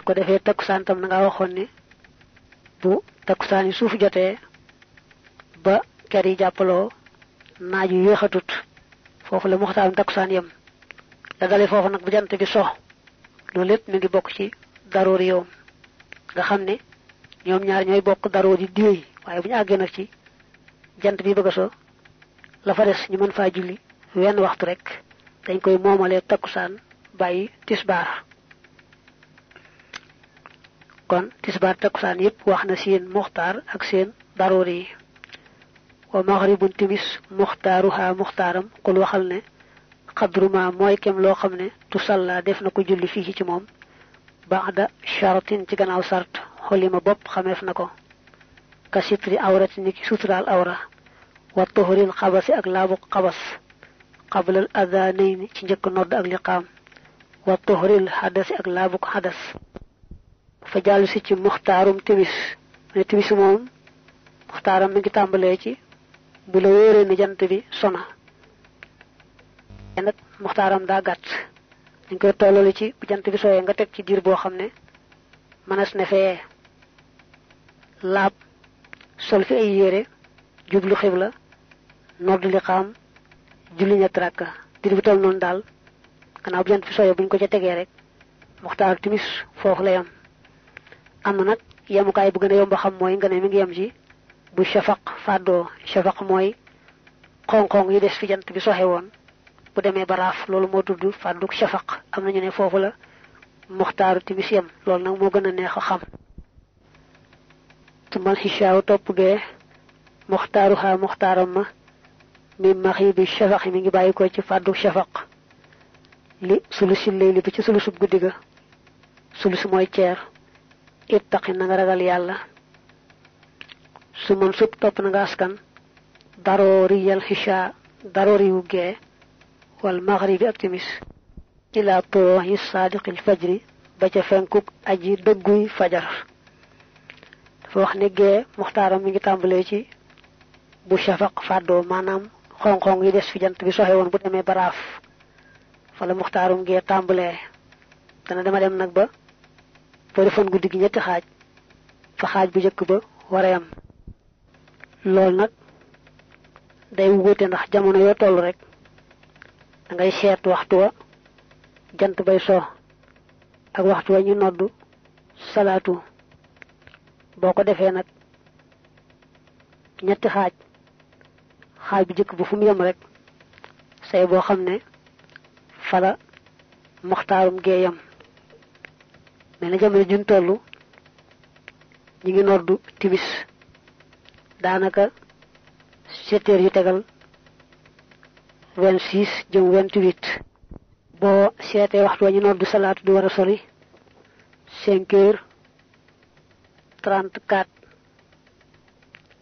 su ko defee takkusaan tam na waxoon ne bu takkusaan yi suuf jotee ba ker yi jàppaloo naaj yu yéexatut foofu la muxtaam takkusaan yem la dale foofu nag bu jant bi so loolu lépp mi ngi bokk ci daroor yowm nga xam ne ñoom ñaar ñooy bokk daroor yi diwéy waaye bu ñu àggee nag ci jant bi bëgg a so la fa des ñu mën faa julli wenn waxtu rek dañ koy moomalee takkusaan bàyyi tisbaar kon tisbaar takkusaan yépp wax na seen muxtaar ak seen daroori yi wa maghribun timis muxtaaruha muxtaaram kul waxal ne xadruma mooy kem loo xam ne tusalla def na ko julli fii ci moom baxda sharatin ci gannaaw sart xolima bopp xameef na ko ka sitri suturaal awra wa xabasi ak laabu xabas xablal adanayni ci njëkk nodd ak liqaam wa tohoril xadasi ak laabu xadas fa jàll si ci muxtaarum timis ne timis moom muxtaaram mi ngi tàmbalee ci bu la wóoree ne jant bi sona nag muxtaaram dañ koy tollale ci jant bi sooyee nga teg ci diir boo xam ne mënees na fee laab sol fi ay yére jublu xibla nodd li xaam julli ñett rakka diir bu toll noonu daal gannaaw bu jant bi sooyee buñ ko ca tegee rek muxtaar timis foofu la yam am na nag yemukaay bu gën a yomb xam mooy nga ne mi ngi yem ci bu shafaq fàddoo shafaq mooy xonq-xonq yi des fi jant bi soxe woon bu demee ba raaf loolu moo tudd fàdduk shafaq am nañu ne foofu la muxtaaru timis loolu nag moo gën a neex a xam tumal xishaaw topp gee muxtaaru xaa muxtaaram ma mi maxi bi shafaq mi ngi bàyyi ko ci fàdduk shafaq li sulusi léegi li bi ci sulusub guddi ga sulus mooy ceer ittaqi na nga ragal yàlla su mën supp topp na daroori yal xisha wal maghribi ak timis ilaa tooxi saadiqil fajri ba ca fenkuk aji dëgguy fajar dafa wax ne gee muxtaaram mi ngi tàmbalee ci bu shafaq fàddoo maanaam xong-xong yi des fi jant bi soxe woon bu demee baraaf fa muxtaarum gee tàmbalee dana dema dem nag ba bari fan guddi gi ñetti xaaj fa xaaj bu njëkk ba waree am loolu nag day wuute ndax jamono yoo toll rek da ngay waxtu wa jant bay so ak waxtu wa ñu noddu salaatu boo ko defee nag ñetti xaaj xaaj bu njëkk ba fu mu yem rek say boo xam ne fala moxtaarum geeyam mais na jamono juñ toll ñu ngi noddu timis daanaka sept heures yu tegal vingt six jëm vingt huit boo seetee waxtu wa ñu noddu salaatu du war a sori cinq heures trente quatre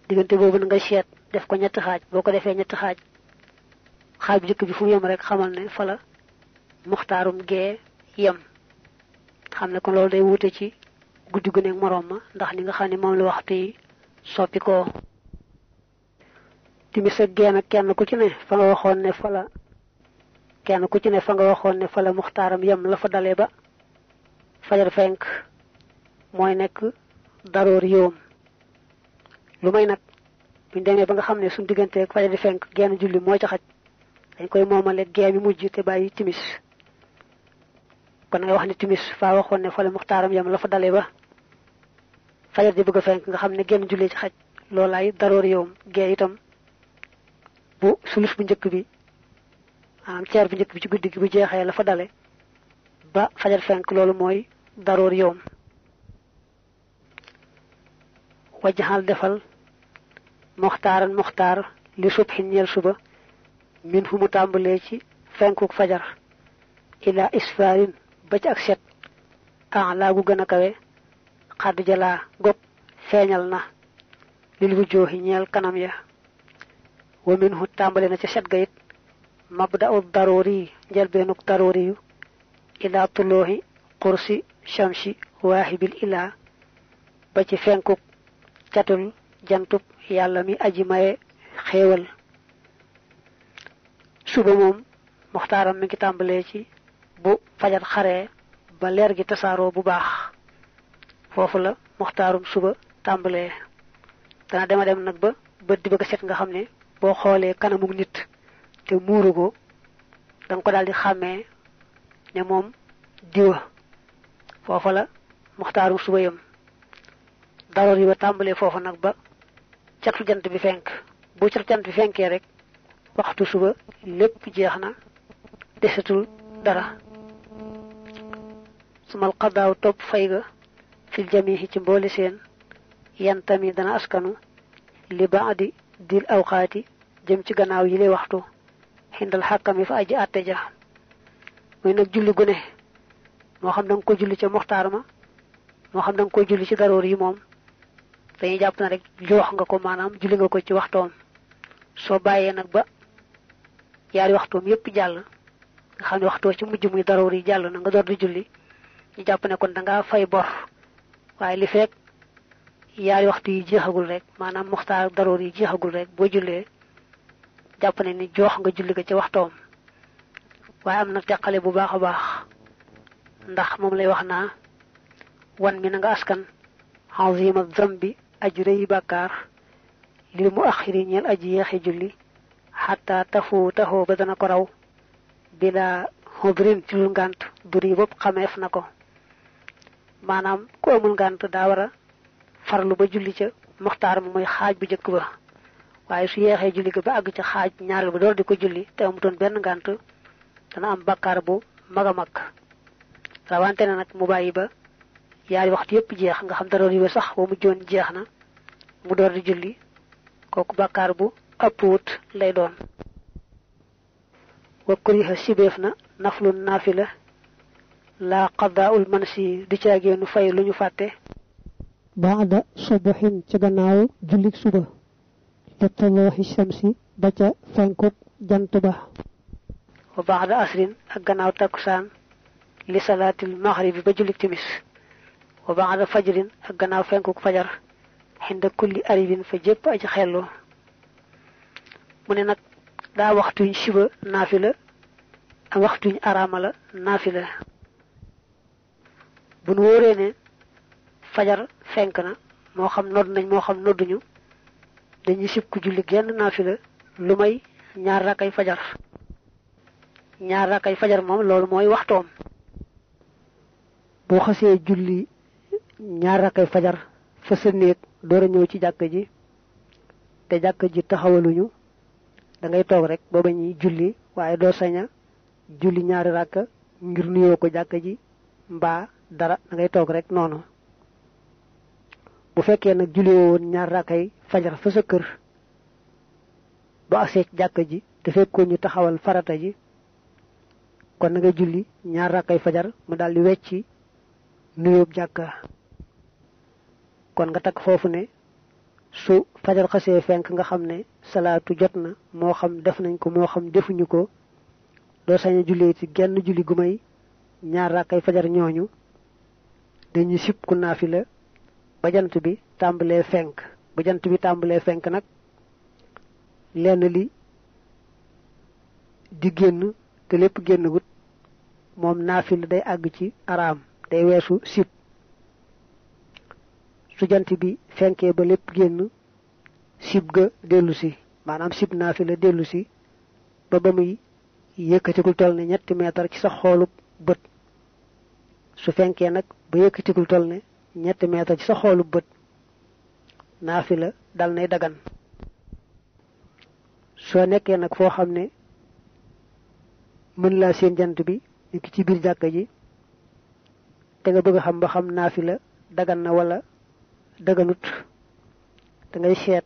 diggante boobu na nga seet def ko ñetti xaaj boo ko defee ñetti xaaj xaaj bu jëkk bi fu mu yem rek xamal ne fala la muxtaarum gee yem xam ne ko loolu day wute ci guddi gu nekk moroom ma ndax ni nga xam ne moom la waxtu yi soppi ko timis ak genn kenn ku ci ne fa nga waxoon ne fa la kenn ku ci ne nga waxoon ne fa la muxtaaram yem la fa dalee ba fajar fenk mooy nekk daroor yoom lu may nag buñ demee ba nga xam ne suñ diggante ak fajar di fenk genn julli mooy ca dañ koy moomale gee bi mujj te bàyyi timis kon nga wax ne timis faa waxoon ne fa la muxtaaram yam la fa dale ba fajar di bëgg fenk nga xam ne genn jullee ci xaj loolaay daroor yowm gee itam bu sulus bu njëkk bi maanaam ceer bu njëkk bi ci guddi gi bu jeexee la fa dale ba fajar fenk loolu mooy daroor yowm wajjaxal defal moxtaaran moxtaar li subxin ñeel suba min fu mu tàmbalee ci fenkuk fajar ila isfaarin ba ci ak set an laa gu gën a kawe xadd jalaa gog feeñal na lil wu jooxi ñeel kanam ya wa minhu tàmbali na ca set ga it mabda u daroori njëlbeenuk daroori yu ilaa tulooxi xursi shamsi waahibil ilaa ba fenkuk catul jantub yàlla mi aji maye xéewal suba moom muxtaaram mi ngi tàmbalee ci bu fajal xare ba leer gi tasaaroo bu baax foofu la muxtaarum suba tàmbalee dana dema dem nag ba bët di bëgg set nga xam ne boo xoolee kanamug nit te muuru ko da ko daal di xàmmee ne moom diwa foofa la muxtaarum suba yam daroor yi ba tàmbalee foofu nag ba catu jant bi fenk bu catu jant bi fenkee rek waxtu suba lépp jeex na desatul dara sumal xadaaw topp fay ga fil jamihi ci mboole seen yantami dana askanu li di dil awqaati jëm ci gannaaw yi lay waxtu xindal xàkkami fa aji àtte ja muy nag julli gune moo xam da nga julli ca moxtaar ma moo xam da nga ko ci daroor yi moom dañuy jàpp na rek joox nga ko maanaam julli nga ko ci waxtoom soo bàyyee nag ba yaar yaari waxtoom yépp jàll nga xam ne waxtoo ci mujj muy daroor yi jàll na nga door di julli jàpp ne kon da ngaa fay bor waaye li fekk yaari waxtu yi jeexagul rek maanaam muxtaar daroor yi jeexagul rek boo jullee jàpp ne ni jox nga julli ko ci waxtoom waaye am na teqale bu baax a baax ndax moom lay wax naa wan mi na nga askan azima zambi aji rëyi bàkkaar lil mu axiri ñeel aji yeexi julli xataa tafu taxoo ba dana ko raw bila xobrin ci lu ngànt duri bopp xameef na ko maanaam ku amul ngànt daa wara a farlu ba julli ca muxtaar ma mooy xaaj bu njëkk ba waaye su yeexee julli ga ba àgg ca xaaj ñaareel ba door di ko julli te amutoon benn ngànt dana am bàkkaar bu mag a mag rawante mu bàyyi ba yaari waxtu yépp jeex nga xam dara yu sax ba mujjoon jeex na mu door di julli kooku bàkkaar bu ëpp wut lay doon wa kuriha sibeef na naflu la laa qadaaul mansi di caageenu fay lu ñu fàtte baada subuhin ci gannaaw jullik suba li tolooxi samsi ba ca fenkub jant ba wa baada asrin ak gannaaw takkusaan li salaatil maxribi ba jullik timis wa baada fajrin ak gannaaw fenkuk fajar xinda kulli aribin fa jépp aji xellu mu ne nag daa naafi la naafila ak waxtuñ naafi la bu nu wóoree ne fajar fenk na moo xam nodd nañ moo xam nodduñu dañuy sib ku julli genn naafila lu may ñaar rakkay fajar ñaar rakkay fajar moom loolu mooy waxtoom boo xasee julli ñaar rakkay fajar fa sa néeg door a ñëw ci jàkk ji te jàkk ji taxawaluñu dangay toog rek booba ñuy julli waaye doo saña julli ñaari ràkka ngir nuyoo ko jàkk ji mbaa dara da ngay toog rek noonu bu fekkee nag julliwoo woon ñaar rakkay fajar fa sa kër ba agsee ci jàkka ji te fekkoo ñu taxawal farata ji kon nangay nga julli ñaar rakkay fajar mu daal di wecci nuyoob jàkka kon nga takk foofu ne su fajar xasee fenk nga xam ne salaatu jot na moo xam def nañ ko moo xam defuñu ko doo sañ a jullee ci genn julli gu may ñaar rakkay fajar ñooñu dañuy sib ku naafila ba jant bi tàmbalee fenk ba bi tàmbalee fenk nag lenn li di génn te lépp génn gut moom naafila day àgg ci araam day weesu sib su jant bi fenkee ba lépp génn sib ga dellu si maanaam sib naafila dellu si ba ba muy yëkkatikul toll na ñetti meetar ci sa xoolu bët su fenkee nag ba yëkkatigul toll ne ñetti meetar ci sa xoolu bët la dal nay dagan soo nekkee nag foo xam ne mën laa seen jant bi nekk ci biir jàkka ji te nga bëgg a xam ba xam la dagan na walla daganut da ngay seet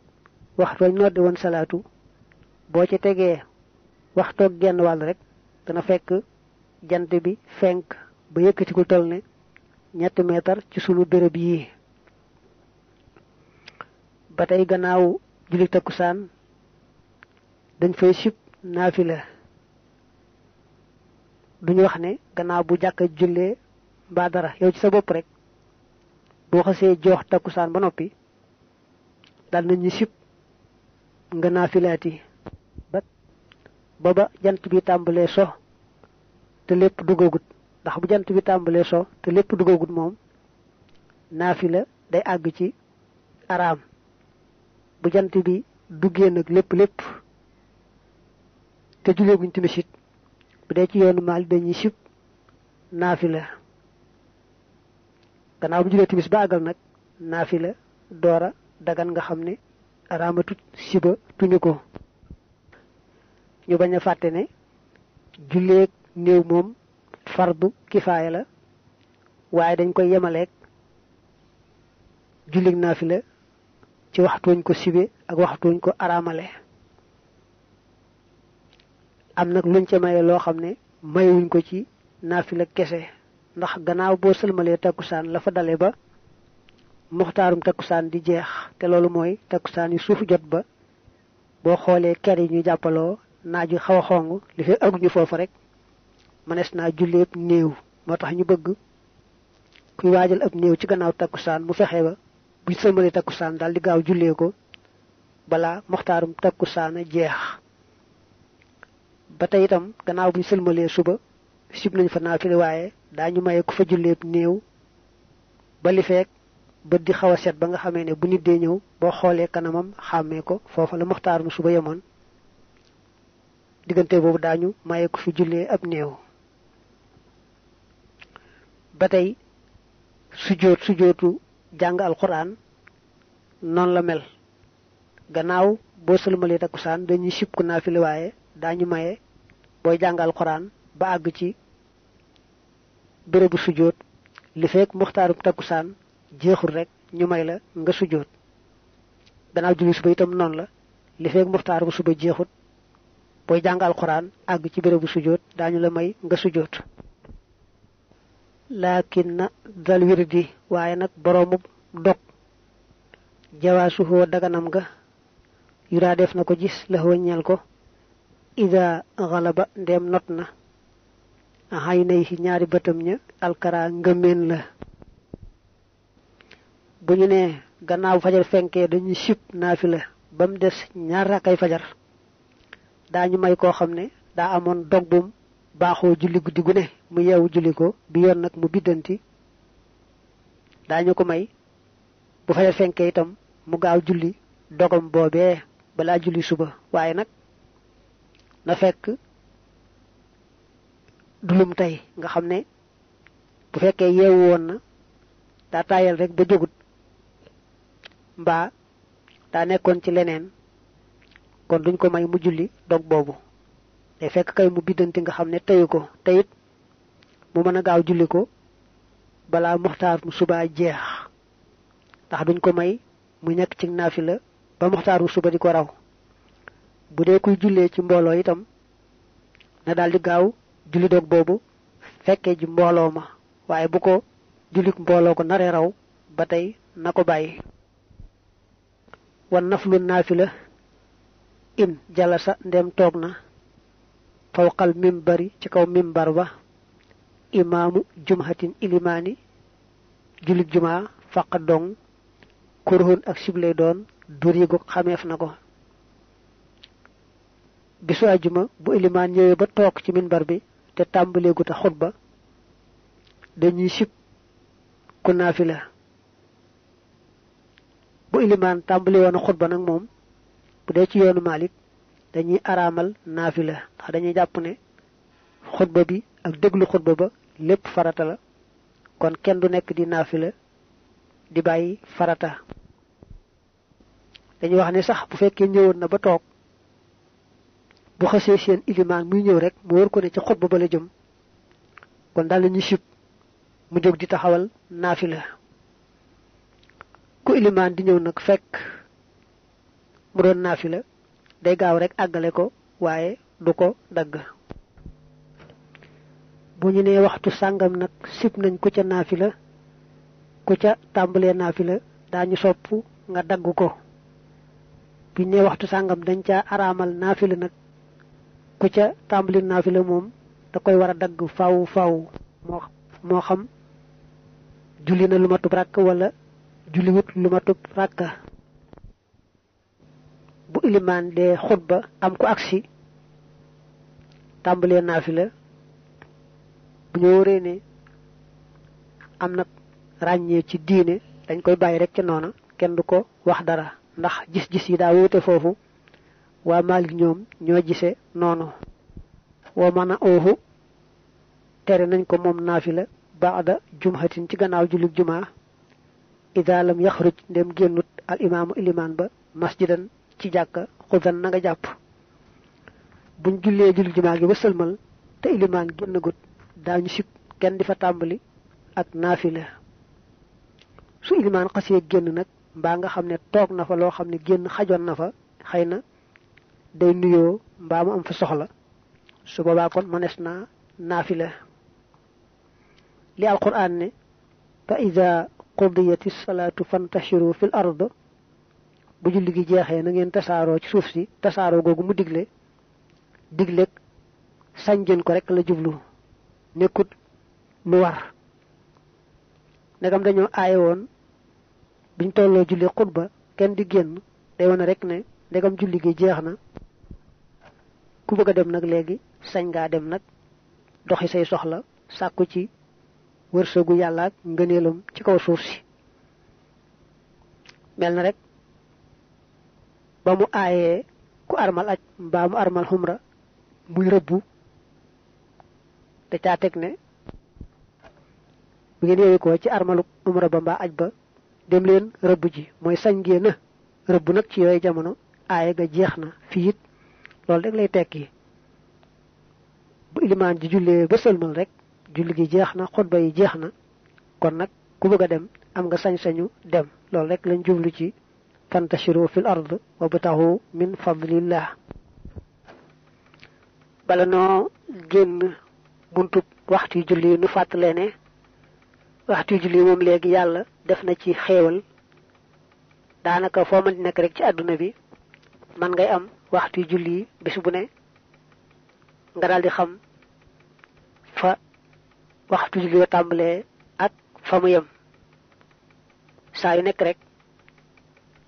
waxtu wañ noddi woon salaatu boo ci tegee waxtoog genn wàll rekk dana fekk jant bi fenk ba yëkkati ku toll ne ñetti meetar ci sunu béréb yi ba tey gannaaw julli takkusaan dañ fay sib naafila duñu wax ne gannaaw bu jàkk jullee mbaa yow ci sa bopp rek boo xasee joox takkusaan ba noppi dal nañu sib nga naafilaati ba ba jant bi tàmbalee so te lépp duggagut ndax bu jant bi tàmbalee so te lépp dugagut moom la day àgg ci araam bu jant bi duggee nag lépp lépp te julleeguñ timis it bu dee ci yoonu maal dañuy sib naafila gannaaw bu jullee timis ba àggal nag la doora dagan nga xam ne araamatut siba tuñu ko ñu bañ a fàtte ne julleeg néew moom fardu kifaaya la waaye dañ koy yemaleeg jullig la ci waxtuñ ko sibe ak waxtuñ ko araamale am nag luñ ca maye loo xam ne mayuñ ko ci naafila kese ndax gannaaw boo sëlmalee takkusaan la fa dale ba muxtaarum takkusaan di jeex te loolu mooy takkusaan yu suuf jot ba boo xoolee ker yi ñu jàppaloo naaj yu xaw xong li fi aguñu foofu rek mënees naa julleeb néew moo tax ñu bëgg kuy waajal ab néew ci gannaaw takkusaan mu fexe ba buñ sëlmale takkusaan daal di gaaw jullee ko balaa moxtaarum takkusaan a jeex ba tey itam gannaaw buñ sëlmalee suba sib nañ fa naafile waaye daañu maye ku fa julleeb néew ba li bët di xaw a set ba nga xamee ne bu nit dee ñëw boo xoolee kanamam xàmmee ko foofa la moxtaarum suba yemoon diggante boobu daañu maye ku fi jullee ab néew ba tey sujjóot sujjóotu jàng alquran noonu la mel gannaaw boo sëlmalee takkusaan dañuy sib ko naafile waaye daañu maye booy jàng xoraan ba àgg ci bérébu sujjóot li fekk muxtaarum takkusaan jeexul rek ñu may la nga sujjóot gannaaw julli suba itam noonu la li fekk muxtaarum suba jeexut booy jàng xoraan àgg ci bërëbu sujjóot daañu la may nga sujjóot lakin na dal wirdi waaye nag boroomub dog jawaasuhoo daganam ga yuraa def na ko gis la wëññal ko ida xalaba ndeem not na xay nay ci ñaari bëtam ña alkara ngëmeen la bu ñu nee gannaaw fajar fenkee dañuy sib naafi la ba mu des ñaar rakkay fajar daañu may koo xam ne daa amoon dogbum baaxoo julli guddi gu ne mu yeewu julli ko bi yoon nag mu biddanti daañu ko may bu fajar fenkee itam mu gaaw julli dogam boobee balaa julli suba waaye nag na fekk dulum tey nga xam ne bu fekkee yeewu woon na daa taayal rek ba jógut mbaa daa nekkoon ci leneen kon duñ ko may mu julli dog boobu day fekk kay mu biddanti nga xam ne teyu ko te mu mën a gaaw julli ko balaa muxtaar mu subaa jeex ndax duñ ko may mu nekk ci naafila ba muxtaaru suba di ko raw bu dee kuy jullee ci mbooloo itam na daal gaaw julli doog boobu fekkee ji mbooloo ma waaye bu ko jullik mbooloo ko naree raw ba tey na ko bàyyi wan naflu naafila in jalasa ndem toog na fawqal mimbari ci kaw mimbar ba imaamu jumhatin ilimaani jullit jumaa faqa dong kurhun ak sibley doon durigu xameef na ko bisu àjjuma bu ilimaan ñëwee ba toog ci minbar bi te tàmbalee a xutba dañuy sib ku naafila bu ilimaan tàmbale woon xutba nag moom bu dee ci yoonu Malik dañuy araamal naafila ndax dañuy jàpp ne xutba bi ak déglu xutba ba lépp farata la kon kenn du nekk di naafila di bàyyi farata dañuy wax ne sax bu fekkee ñëwoon na ba toog bu xasee seen ilimaan muy ñëw rek mu wër ko ne ci xutba ba la jëm kon daal nañu sib mu jóg di taxawal naafila ku ilimaan di ñëw nag fekk mu doon naafila day gaaw rek àggale ko waaye du ko dagg bu ñu nee waxtu sàngam nag sib nañ ku ca naafi la ku ca tàmbalee naafila daañu sopp nga dagg ko bu ñu nee waxtu sàngam dañ ca araamal naafila nag ku ca naafi la moom da koy war a dagg faw faw moo moo xam julli na lu ràkk wala julliwut lu matub bu ilimaan dee xutba am ko agsi tàmbalee naafila bu ñoo wóoree ne am na ràññee ci diine dañ koy bàyyi rek ca noona kenn du ko wax dara ndax gis-gis yi daa wóote foofu waa Maalik ñoom ñoo gisee noonu wa mën a ooxu tere nañ ko moom naafila baada jumhatin ci gannaaw jullit jumaa ida lam yaxruj ndem génnut al imaamu ilimaan ba masjidan ci jàkka xudan na nga jàpp buñ jullee julli jumaa gi ba sëlmal te ilimaan génn gut daañu sib kenn di fa tàmbali ak naafila su ilimaan xasee génn nag mbaa nga xam ne toog na fa loo xam ne génn xajoon na fa xëy na day nuyoo mbaa mu am fa soxla su boobaa kon mënees naa naafila li alquran ne fa ida salaatu fantashiru fil ard bu julli gi jeexee na ngeen tasaaroo ci suuf si tasaaroo googu mu digle sañ sañjën ko rek la jublu nekkut lu war ndegam dañoo aaye woon biñ tolloo julli xutba kenn di génn day wane rek ne ndegam julli gi jeex na ku bëgg a dem nag léegi sañ ngaa dem nag doxi say soxla sàkku ci wërsëgu yàlla ak ngëneelam ci kaw suuf si mel na rek ba mu aayee ku armal aj mbaa mu armal xumra muy rëbbu da caa teg ne mu ngeen yewwi ko ci armalu umra ba mbaa aj ba dem leen rëbb ji mooy sañ ngeen a rëbb nag ci yooyu jamono aaye ga jeex na fii it loolu rek lay tekki bu ilimaan ji jullee ba sëlmal rek julli gi jeex na xutba yi jeex na kon nag ku bëgg a dem am nga sañ-sañu dem loolu rek lañ jublu ci fantashiru fil ard wabtahu min fadlillah bala noo génn buntub waxtu yu julli nu fàttale ne waxtu yu julli moom léegi yàlla def na ci xéewal daanaka foo mën di nekk rek ci àdduna bi man ngay am waxtu yu julli yi bu ne nga daal di xam fa waxtu julli wa tàmbalee ak fa mu yem saa yu nekk rek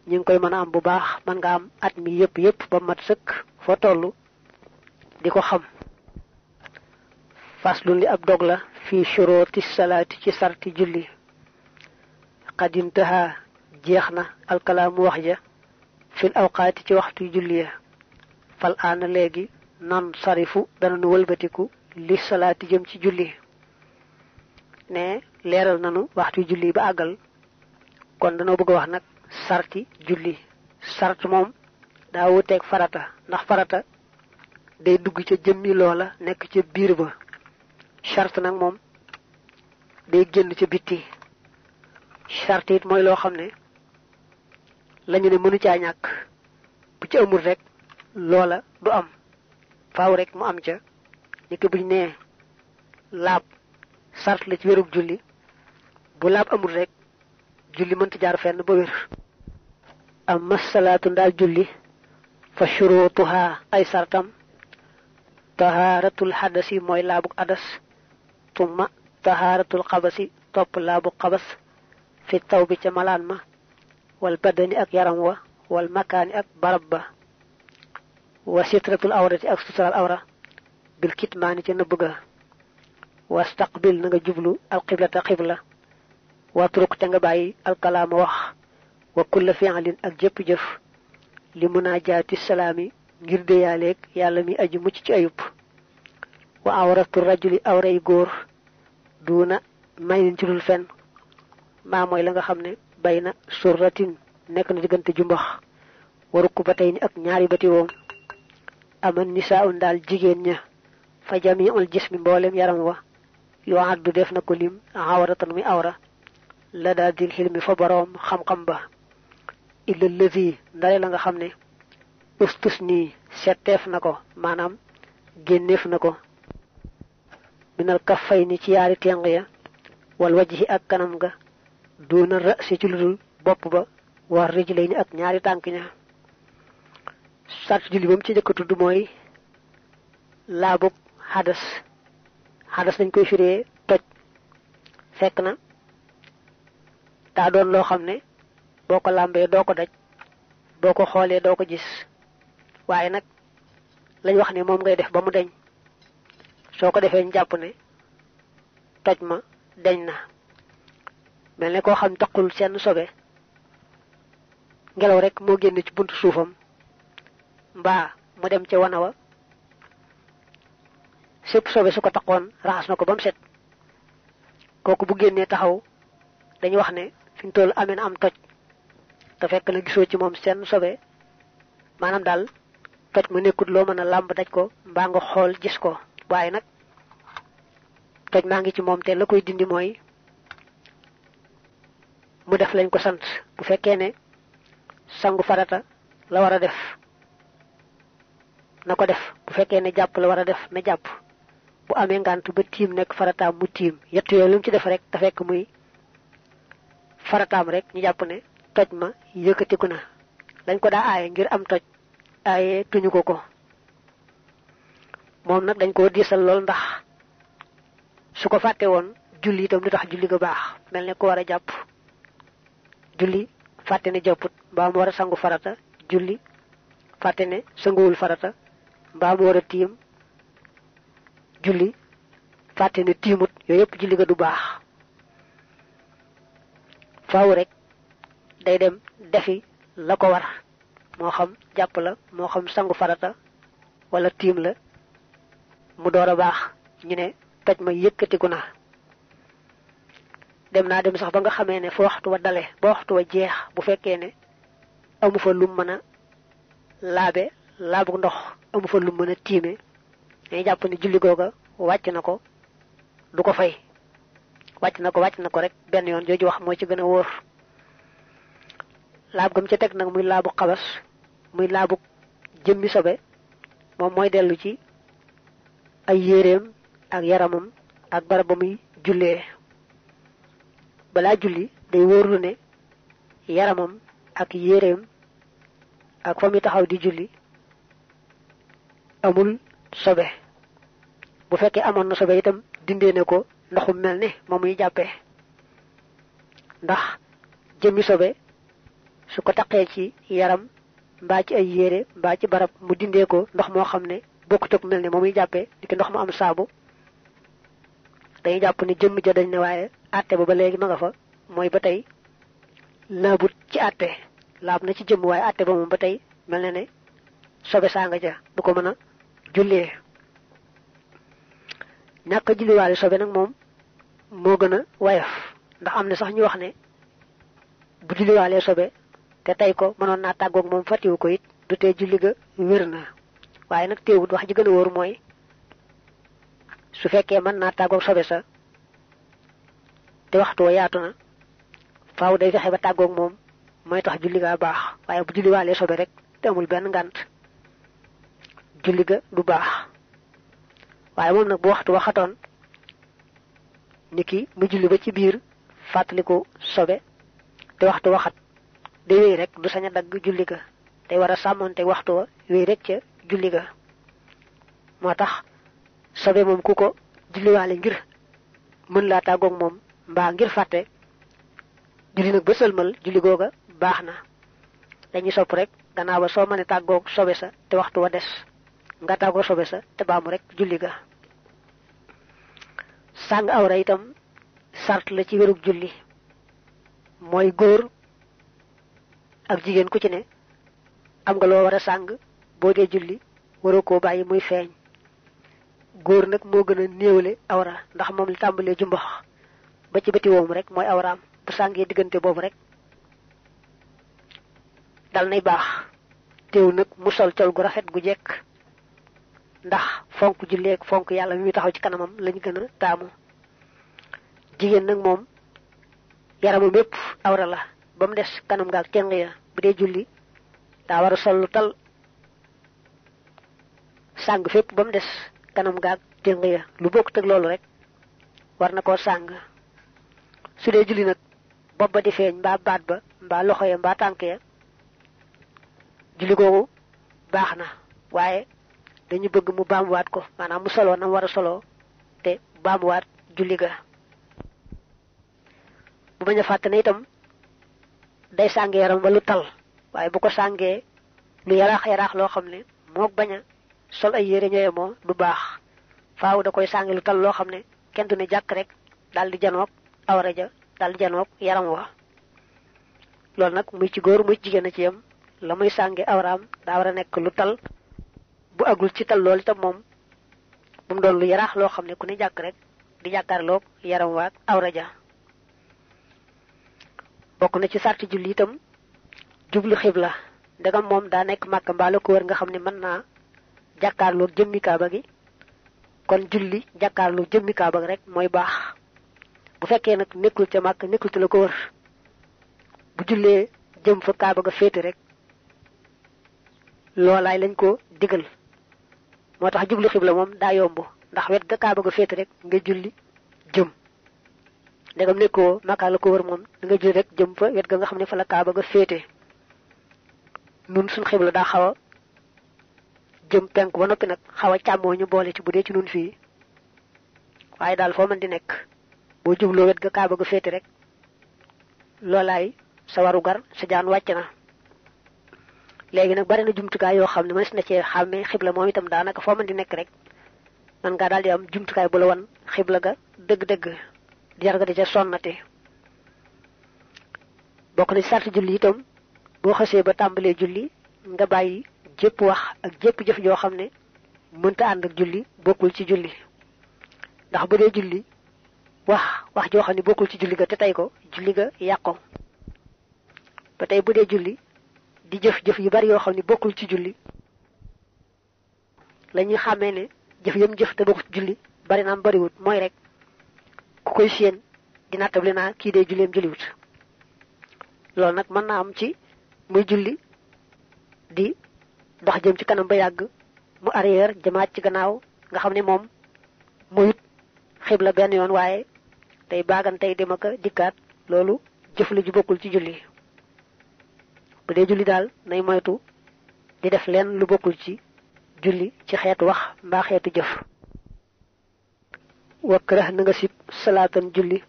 ñu ngi koy mën a am bu baax mën nga am at mi yëpp yëpp ba mat sëkk foo toll di ko xam faslun li ab dog la fii shurooti salaati ci sarti julli xadintaha jeex na alkalaamu wax ja fil awqaati ci waxtu julli ya fal aana léegi nan sarifu dana nu wëlbatiku li salaati jëm ci julli ne leeral nanu waxtu julli ba àggal kon danoo bëgg a wax nag sarti julli sart moom daa wuteeg farata ndax farata day dugg ca jëmmi loola nekk ca biir ba charte nag moom day génn ca bitti charte it mooy loo xam ne lañu ne mënu caa ñàkk bu ci amul rekk loola du am faaw rek mu am ca ni bu buñ nee laab sart la ci wérug julli bu laab amul rek julli mënta jaar fenn ba wér amma salaatu ndaal julli fa shurutuha ay sartam tahaaratul xadasi mooy laabu adas tumma tahaaratul xabasi topp laabu xabas fi taw bi ca malaan ma wal badani ak yaram wa wal makaani ak barab ba wa sitratul awrati ak suturaal awra bil kitmaani ca nëbb ga wastaqbil na nga jublu alxiblata xibla watruk te nga bàyyi alkalaama wax wa kulla fi'lin ak jëpp jëf li munaajaati salaami ngir deyaaleeg yàlla mi aju mucc ci ayub wa awratu rajuli awray góor duuna may nin ci dul fen maa mooy la nga xam ne bay na surratin nekk na diggante jumbax waru ko ba tey ni ak ñaari bati woom aman nisaa un daal jigéen ña fa jamiul jismi mboolem yaram wa yoo addu def na ko lim awratan muy awra la daal dil xilmi fa boroom xam-xam ba illa lazi ndare la nga xam ne ustus nii setteef na ko maanaam génneef na ko minal fay ni ci yaari teng ya wal wajhi ak kanam ga doona rasi ci ludul bopp ba war rijlay ni ak ñaari tànk ña sart julli ba ci njëkk a mooy laabug xadas xadas dañ koy firee toj fekk na daa doon loo xam ne boo ko làmbee doo ko daj boo ko xoolee doo ko gis waaye nag lañ wax ni moom ngay def ba mu deñ soo ko defee njàpp ne toj ma deñ na mel ne koo xam taqul seen sobe ngelaw rek moo génn ci buntu suufam mbaa mu dem ca wana wa sépp sobe su ko taqoon raxas na ko ba mu set kooku bu génnee taxaw dañu wax ne fi mu toll amee na am toj te fekk na gisoo ci moom seen sobe maanaam daal toj ma nekkut loo mën a làmb daj ko mbaa nga xool gis ko waaye nag toj maa ngi ci moom te la koy dindi mooy mu def lañ ko sant bu fekkee ne sangu farata la war a def na ko def bu fekkee ne jàpp la war a def na jàpp bu amee ngànt ba tiim nekk farataam mu tiim yett yooyu lu mu ci def rek te fekk muy farataam rek ñu jàpp ne toj ma yëkkatiku na dañ ko daa aaye ngir am toj aaye tuñu ko ko moom nag dañ koo diisal lool ndax su ko fàtte woon julli itam du tax julli nga baax mel ne ko war a jàpp julli fàtte ne jàpput mbaa mu war sangu farata julli fàtte ne sanguwul farata mbaa mu war a tiim julli fàtte ne tiimut yooyu yëpp julli nga du baax faaw rek day dem defi la ko war moo xam jàpp la moo xam sangu farata wala tiim la mu door a baax ñu ne toj ma yëkkatiku naa dem naa dem sax ba nga xamee ne fa waxtu wa dale ba waxtu wa jeex bu fekkee ne amu fa lum mën a laabe laabu ndox amu fa lum mën a tiime day jàpp ni julli googa wàcc na ko du ko fay wàcc na ko wàcc na ko rek benn yoon jooju wax moo ci gën a wóor laab gam ca teg nag muy laabu xabas muy laabu jëmmi sobe moom mooy dellu ci ay yéreem ak yaramam ak barab ba muy jullee balaa julli day wóorlu ne yaramam ak yéreem ak fa muy taxaw di julli amul sobe bu fekkee amoon na sobe itam dindee ne ko ndaxum mel ne moom muy jàppee ndax jëmmi sobe su ko taqee ci yaram mbaa ci ay yére mbaa ci barab mu dindee ko ndox moo xam ne bokkut ak mel ne moomuy jàppee di ki ndox mu am saabu dañuy jàpp ne jëmm ja dañ ne waaye àtte ba ba léegi ma nga fa mooy ba tey laabut ci àtte laab na ci jëmm waaye àtte ba moom ba tey mel na ne sobe saa nga ja bu ko mën a jullee ñàkk a sobe nag moom moo gën a wayaf ndax am na sax ñu wax ne bu julliwaalee sobe te tey ko mënoon naa tàggoog moom fàttiwu ko it du tee julli ga wér na waaye nag teewut wax ji gën a wóor mooy su fekkee mën naa tàggoog sobe sa te waxtu wa yaatu na faaw day fexe ba tàggoog moom mooy tax julli gaa baax waaye bu julli waalee sobe rek te amul benn ngànt julli ga du baax waaye moom nag bu waxtu wa xatoon niki mu julli ba ci biir fàttaliku sobe te waxtu waxat day wéy rek du sañ dagg julli ga day war a sàmmonte waxtu wa wéy rek ca julli ga moo tax sobe moom ku ko julliwaale ngir mën laa tàggook moom mbaa ngir fàtte julli nag ba sëlmal julli googa baax na dañuy sopp rek gannaaw ba soo mënee tàggoog sobe sa te waxtu wa des nga tàggoo sobe sa te baamu rek julli ga sàng awra itam sart la ci wérug julli mooy góor ak jigéen ku ci ne am nga loo war a sàng boo dee julli waroo koo bàyyi muy feeñ góor nag moo gën a néewale awra ndax moom li tàmbalee jumbax ba ci bëti woom rek mooy awraam bu sàngee diggante boobu rek dal nay baax teew nag mu sol col gu rafet gu jekk ndax fonk julleek fonk yàlla mi muy taxaw ci kanamam lañu gën a taamu jigéen nag moom yaramam yépp awra la ba mu des kanam nga ak teng ya bu dee julli daa war a sol lu tal sàng fépp ba mu des kanam nga ak teng ya lu bokkut ak loolu rek war na koo sàng su dee julli nag bopp ba di feeñ mbaa baat ba mbaa loxo ya mbaa tànk ya julli googu baax na waaye dañu bëgg mu baamuwaat ko maanaam mu soloo na mu war a soloo te baamuwaat julli ga bu bañ a fàtte ne itam day sàng yaram ba lu tal waaye bu ko sàngee lu yaraax yaraax loo xam ne moog bañ sol ay yére ñooye moo du baax faw da koy sànge lu tal loo xam ne kenn du ne jàkk rek daal di janoog awra ja daal di janoog yaram wa loolu nag muy ci góor muy jigéen a ci yam la muy sàngee awraam daa war a nekk lu tal bu agul ci tal loolu itam moom bu mu doon lu yaraax loo xam ne ku ne jàkk rek di jàkkaarloog yaram waak awra ja bokk na ci sarti julli itam jublu xibla ndegam moom daa nekk màkk mbaa la ko wër nga xam ne mën naa jàkkaarloog jëmmi kaaba gi kon julli jàkkaarloog jëmmi kaaba gi rek mooy baax bu fekkee nag nekkul ca màkk nekkul ca la ko wër bu jullee jëm fa kaaba ga féete rek loolaay lañ ko digal moo tax jublu la moom daa yomb ndax wet ga kaaba ga féete rek nga julli jëm ndegam nekkoo makkaa la ko wër moom da nga jël rek jëm fa wet ga nga xam ne fa la kaaba ga féete nun suñ xibla daa xaw jëm penk ba noppi nag xaw a càmmoo ñu boole ci bu dee ci nun fii waaye daal foo mën di nekk boo jubloo wet ga kaaba ga féete rek loolaay sa waru gar sa jaan wàcc na léegi nag bari na jumtukaay yoo xam ne mënees na cee xàmmee xibla moom itam daanaka foo mën di nekk rek man ngaa dal di am jumtukaay bu la wan xibla ga dëgg-dëgg jar nga di ca sonnate bokk na ci sarti julli itam boo xasee ba tàmbalee julli nga bàyyi jëpp wax ak jëpp jëf joo xam ne mënta ànd ak julli bokkul ci julli ndax bu dee julli wax wax joo xam ne bokkul ci julli ga te tey ko julli ga yàq ko ba tey bu dee julli di jëf-jëf yu bari yoo xam ne bokkul ci julli lañuy ñuy xàmmee ne jëf yam jëf te bokkul julli bari naam bariwut mooy rek ku koy séen di nattable naa kii dee julleem julliwut loolu nag mën naa am ci muy julli di dox jëm ci kanam ba yàgg mu arrière jëmaat ci gannaaw nga xam ne moom muyut xibla benn yoon waaye tey baagan tey dem ak dikkaat loolu jëf la ju bokkul ci julli bu dee julli daal nay moytu di def leen lu bokkul ci julli ci xeetu wax mbaa xeetu jëf wakkarax na nga sib salaatan julli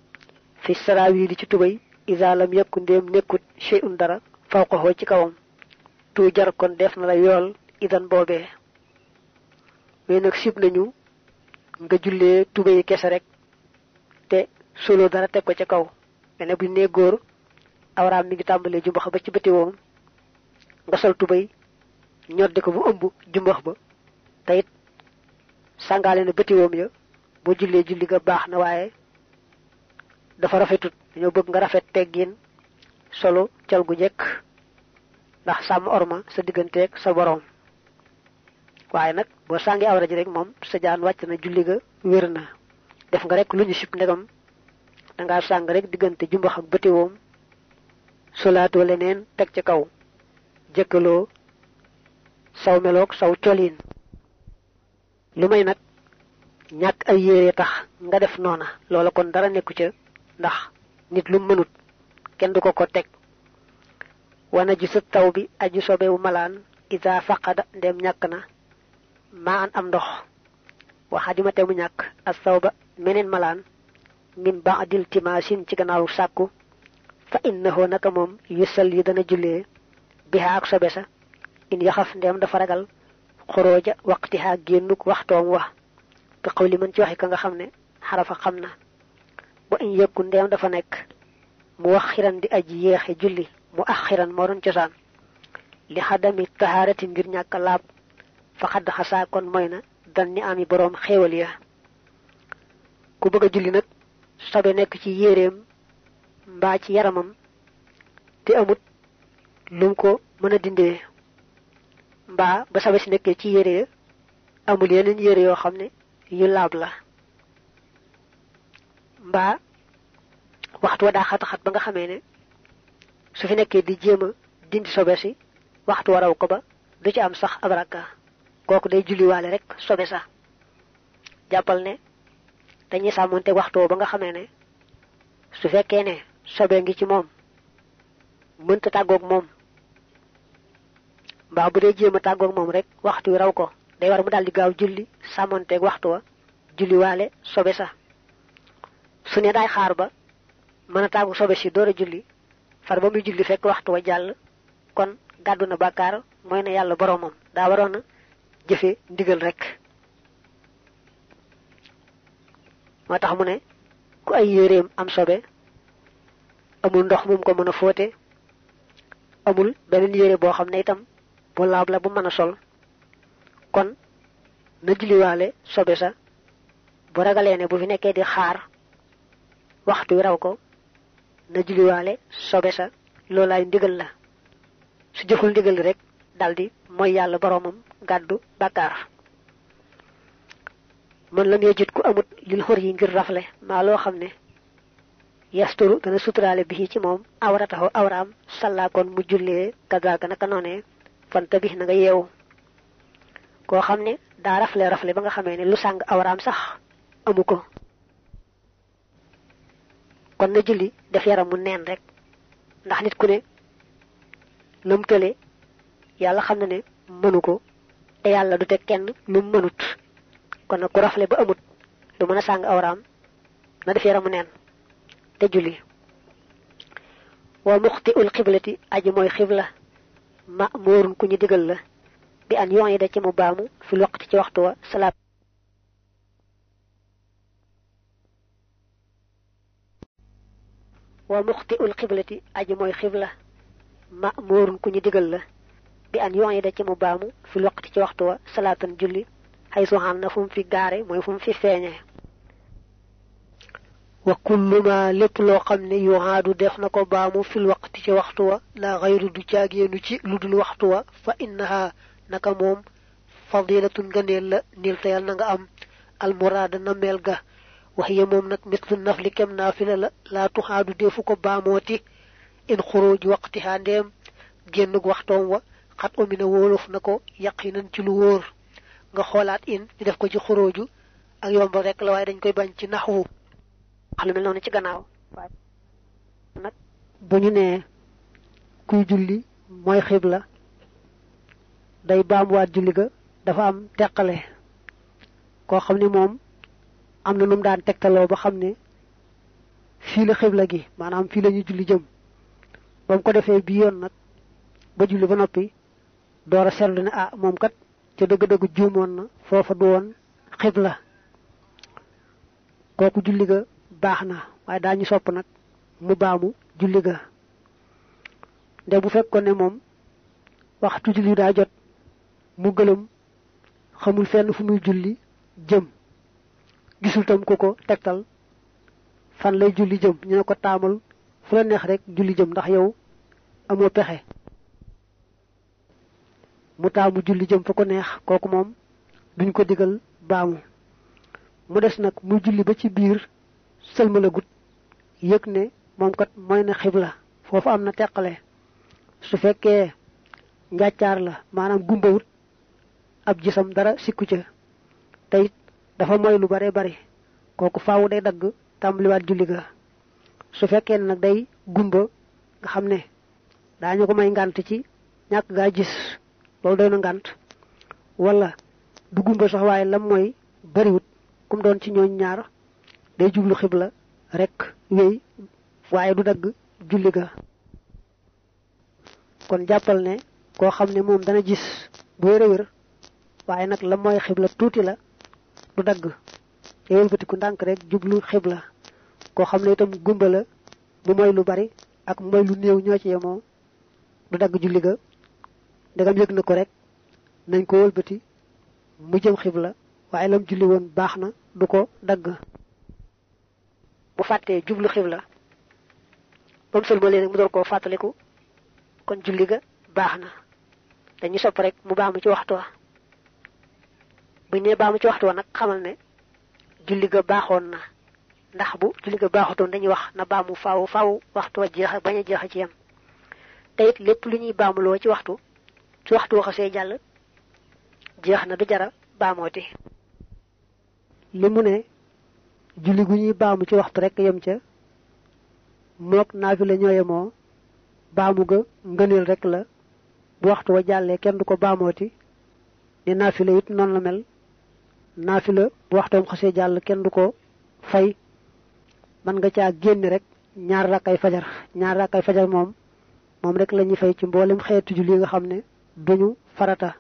fi saraawi ci tubéy isa lam yakku ndéem nekkut shay'un dara fawqaxoo ci kawam tu jar kon def na la yool idan boobee mais nag sib nañu nga jullee tubéy kese rek te solo dara teg ko ci kaw mel ne bu nee góor awraam mi ngi tàmbalee jumbax ba ci bëti woom nga sol tubéy ñoddi ko bu ëmb jumbax ba te it na bëti woom ya boo jullee julli ga baax na waaye dafa rafetut dañoo bëgg nga rafet teggin solo cal gu njëkk ndax sàmm orma sa digganteeg sa borom waaye nag boo sàngi awra ji rek moom sa jaan wàcc na julli ga wér na def nga rekk lu ñu sib ndegam da ngaa sàng rek diggante jumbax ak bëtiwoom solaatoo leneen teg ca kaw jëkkaloo saw meloog saw colin lu may nag ñàkk ay yére tax nga def noona loola kon dara nekku ca ndax nit lu mënut kenn du ko ko teg wana ju sa taw bi aju sobewu malaan isa faqada ndem ñàkk na maa an am ndox waxadima te mu ñàkk as saw ba meneen malaan min baadil timaasin ci gannaaw sàkku fa innahu naka moom yusal yi dana jullee biha ak sobe sa in yaxaf ndem dafa ragal xorooja waqtiha génnuk waxtoom wa ka xaw li mën ci waxi ka nga xam ne xarafa xam na ba in yëkku ndeem dafa nekk mu wax xiran di aji yéexe julli mu ax xiran moo doon cosaan li xadami tahaarati ngir ñàkk laab fa xadd xasaa kon mooy na dan ni ami boroom xéewal ya ku bëgg julli nag sobe nekk ci yéreem mbaa ci yaramam te amut lum ko mën a dindee mbaa ba sobe si nekkee ci yére ya amul yeneen yére yoo xam ne yu laab la mbaa waxtu wa daa xataxat ba nga xamee ne su fi nekkee di jéem a dindi sobe si waxtu wa raw ko ba du ci am sax ab rakka kooku day julliwaale rek sobe sa jàppal ne dañuy sàmmonte waxtu ba nga xamee ne su fekkee ne sobe ngi ci moom mënta tàggoog moom mbaa bu dee jéem a tàggoog moom rek waxtu wi raw ko day war mu daal di gaaw julli sàmmonteeg waxtu wa julliwaale sobe sa su ne daay xaar ba mën a taamu sobe si door a julli far ba muy julli fekk waxtu wa jàll kon gàddu na bàkkaar mooy na yàlla boromam daa waroon a jëfe ndigal rek moo tax mu ne ku ay yéreem am sobe amul ndox mum ko mën a fóote amul beneen yére boo xam ne itam bu laab la bu mën a sol kon na julliwaale sobe sa bu ragalee ne bu fi nekkee di xaar waxtu wi raw ko na julliwaale sobe sa loolaay ndigal la su jëful ndigal rek daldi mooy yàlla boroomam gàddu bàkkaar mën lam yejut ku amut lil xor yi ngir rafle maa loo xam ne yasturu dana suturaale bi ci moom awrataxoo awraam sàllaakoon mu jullee kazaaka naka noonee fanta bi na nga yeewu koo xam ne daa raflee rafle ba nga xamee ni lu sàng awraam sax amu ko kon na julli def yaram mu neen rek ndax nit ku ne lu tële yàlla xam na ne mënu ko te yàlla du te kenn lu mu mënut kon nag ku rafle ba amut lu mën a sàng awraam na def yaram mu neen te julli wa muxti ul xiblati aji mooy xibla ma moorun ku ñu digal la bi an yoon yi da ci mu baamu fi loqati ci waxtu wa la yi da ci mu baamu fi loqati ci waxtu wa salaatan julli xay soxaan na fu fi gaare mooy fu fi feeñee wa kullu ma lépp loo xam ne yuhaadu def na ko baamu fil waqti ci waxtu wa la xayru du caagéenu ci lu dul waxtu wa fa innaha naka moom fadilatun ngëneel la nil te na nga am almuraada na ga wax ya moom nag mitlu naf li kem naafila la laa tuxaadu defu ko baamooti in xuruj waqtihaa ndeem génn waxtoom wa xat omina wóolof na ko yaqinan ci lu wóor nga xoolaat in ñu def ko ci xuruju ak yombal rek la waaye dañ koy bañ ci nax wax lu ci gannaaw nag bu ñu nee kuy julli mooy xibla day baamuwaat julli ga dafa am teqale koo xam ne moom am na lu mu daan tegtaloo ba xam ne fii la xibla gi maanaam fii lañuy ñu julli jëm ba mu ko defee bi yoon nag ba julli ba noppi door a seetlu ne ah moom kat ca dëgg-dëgg juumoon na foofa du woon xibla kooku julli ga baax na waaye daañu sopp nag mu baamu julli ga nde bu fekkoon ne moom waxtu julli daa jot mu gëlëm xamul fenn fu muy julli jëm gisul tam ku ko tegtal fan lay julli jëm ñu ne ko taamal fu la neex rek julli jëm ndax yow amoo pexe mu taamu julli jëm fu ko neex kooku moom duñ ko digal baamu mu des nag mu julli ba ci biir sëlmalagut yëg ne moom kat mooy na la foofu am na teqale su fekkee njàccaar la maanaam gumbawut ab gisam dara sikku ca te dafa mooy lu bare bari kooku faaw day dagg tàmbaliwaat julli ga su fekkee nag day gumba nga xam ne daañu ko may ngànt ci ñàkk gaa gis loolu doy na ngànt wala du gumba sax waaye lam mooy bariwut kum doon ci ñooñ ñaar day jublu xibla rek waaye du dagg julli ga kon jàppal ne koo xam ne moom dana gis bu wér wér waaye nag la mooy xibla tuuti la du dagg te wëlbatiku ndànk rek jublu xibla koo xam ne itam gumba la bu mooy lu bari ak mooy lu néew ñoo ci yemoo du dagg julli ga ndegam yëg na ko rek nañ ko wëlbati mu jëm xibla waaye lam julli woon baax na du ko dagg bu fàttee jublu xibla ba mu sëlmalee nag mu door koo fàttaliku kon julli ga baax na dañu sopp rek mu baax mu ci waxtu wa bu ñu nee baamu ci waxtu wa nag xamal ne julli ga baaxoon na ndax bu julli ga baaxutoon dañuy wax na baamu faw faaw waxtu wa jeex bañ a jeex ci yem te lépp lu ñuy baamuloo ci waxtu ci waxtu waxasee jàll jeex na du jara baamooti li mu ne julli gu ñuy baamu ci waxtu rek yem ca mook naafila ñoo yemoo baamu ga ngëneel rek la bu waxtu wa jàllee kenn du ko baamooti ne naafila it noonu la mel naafila bu waxtam xasee jàll kenn du ko fay mën nga caa génne rek ñaar rakkay fajar ñaar rakkay fajar moom moom rek la ñuy fay ci mboolem xeetu julli yi nga xam ne duñu farata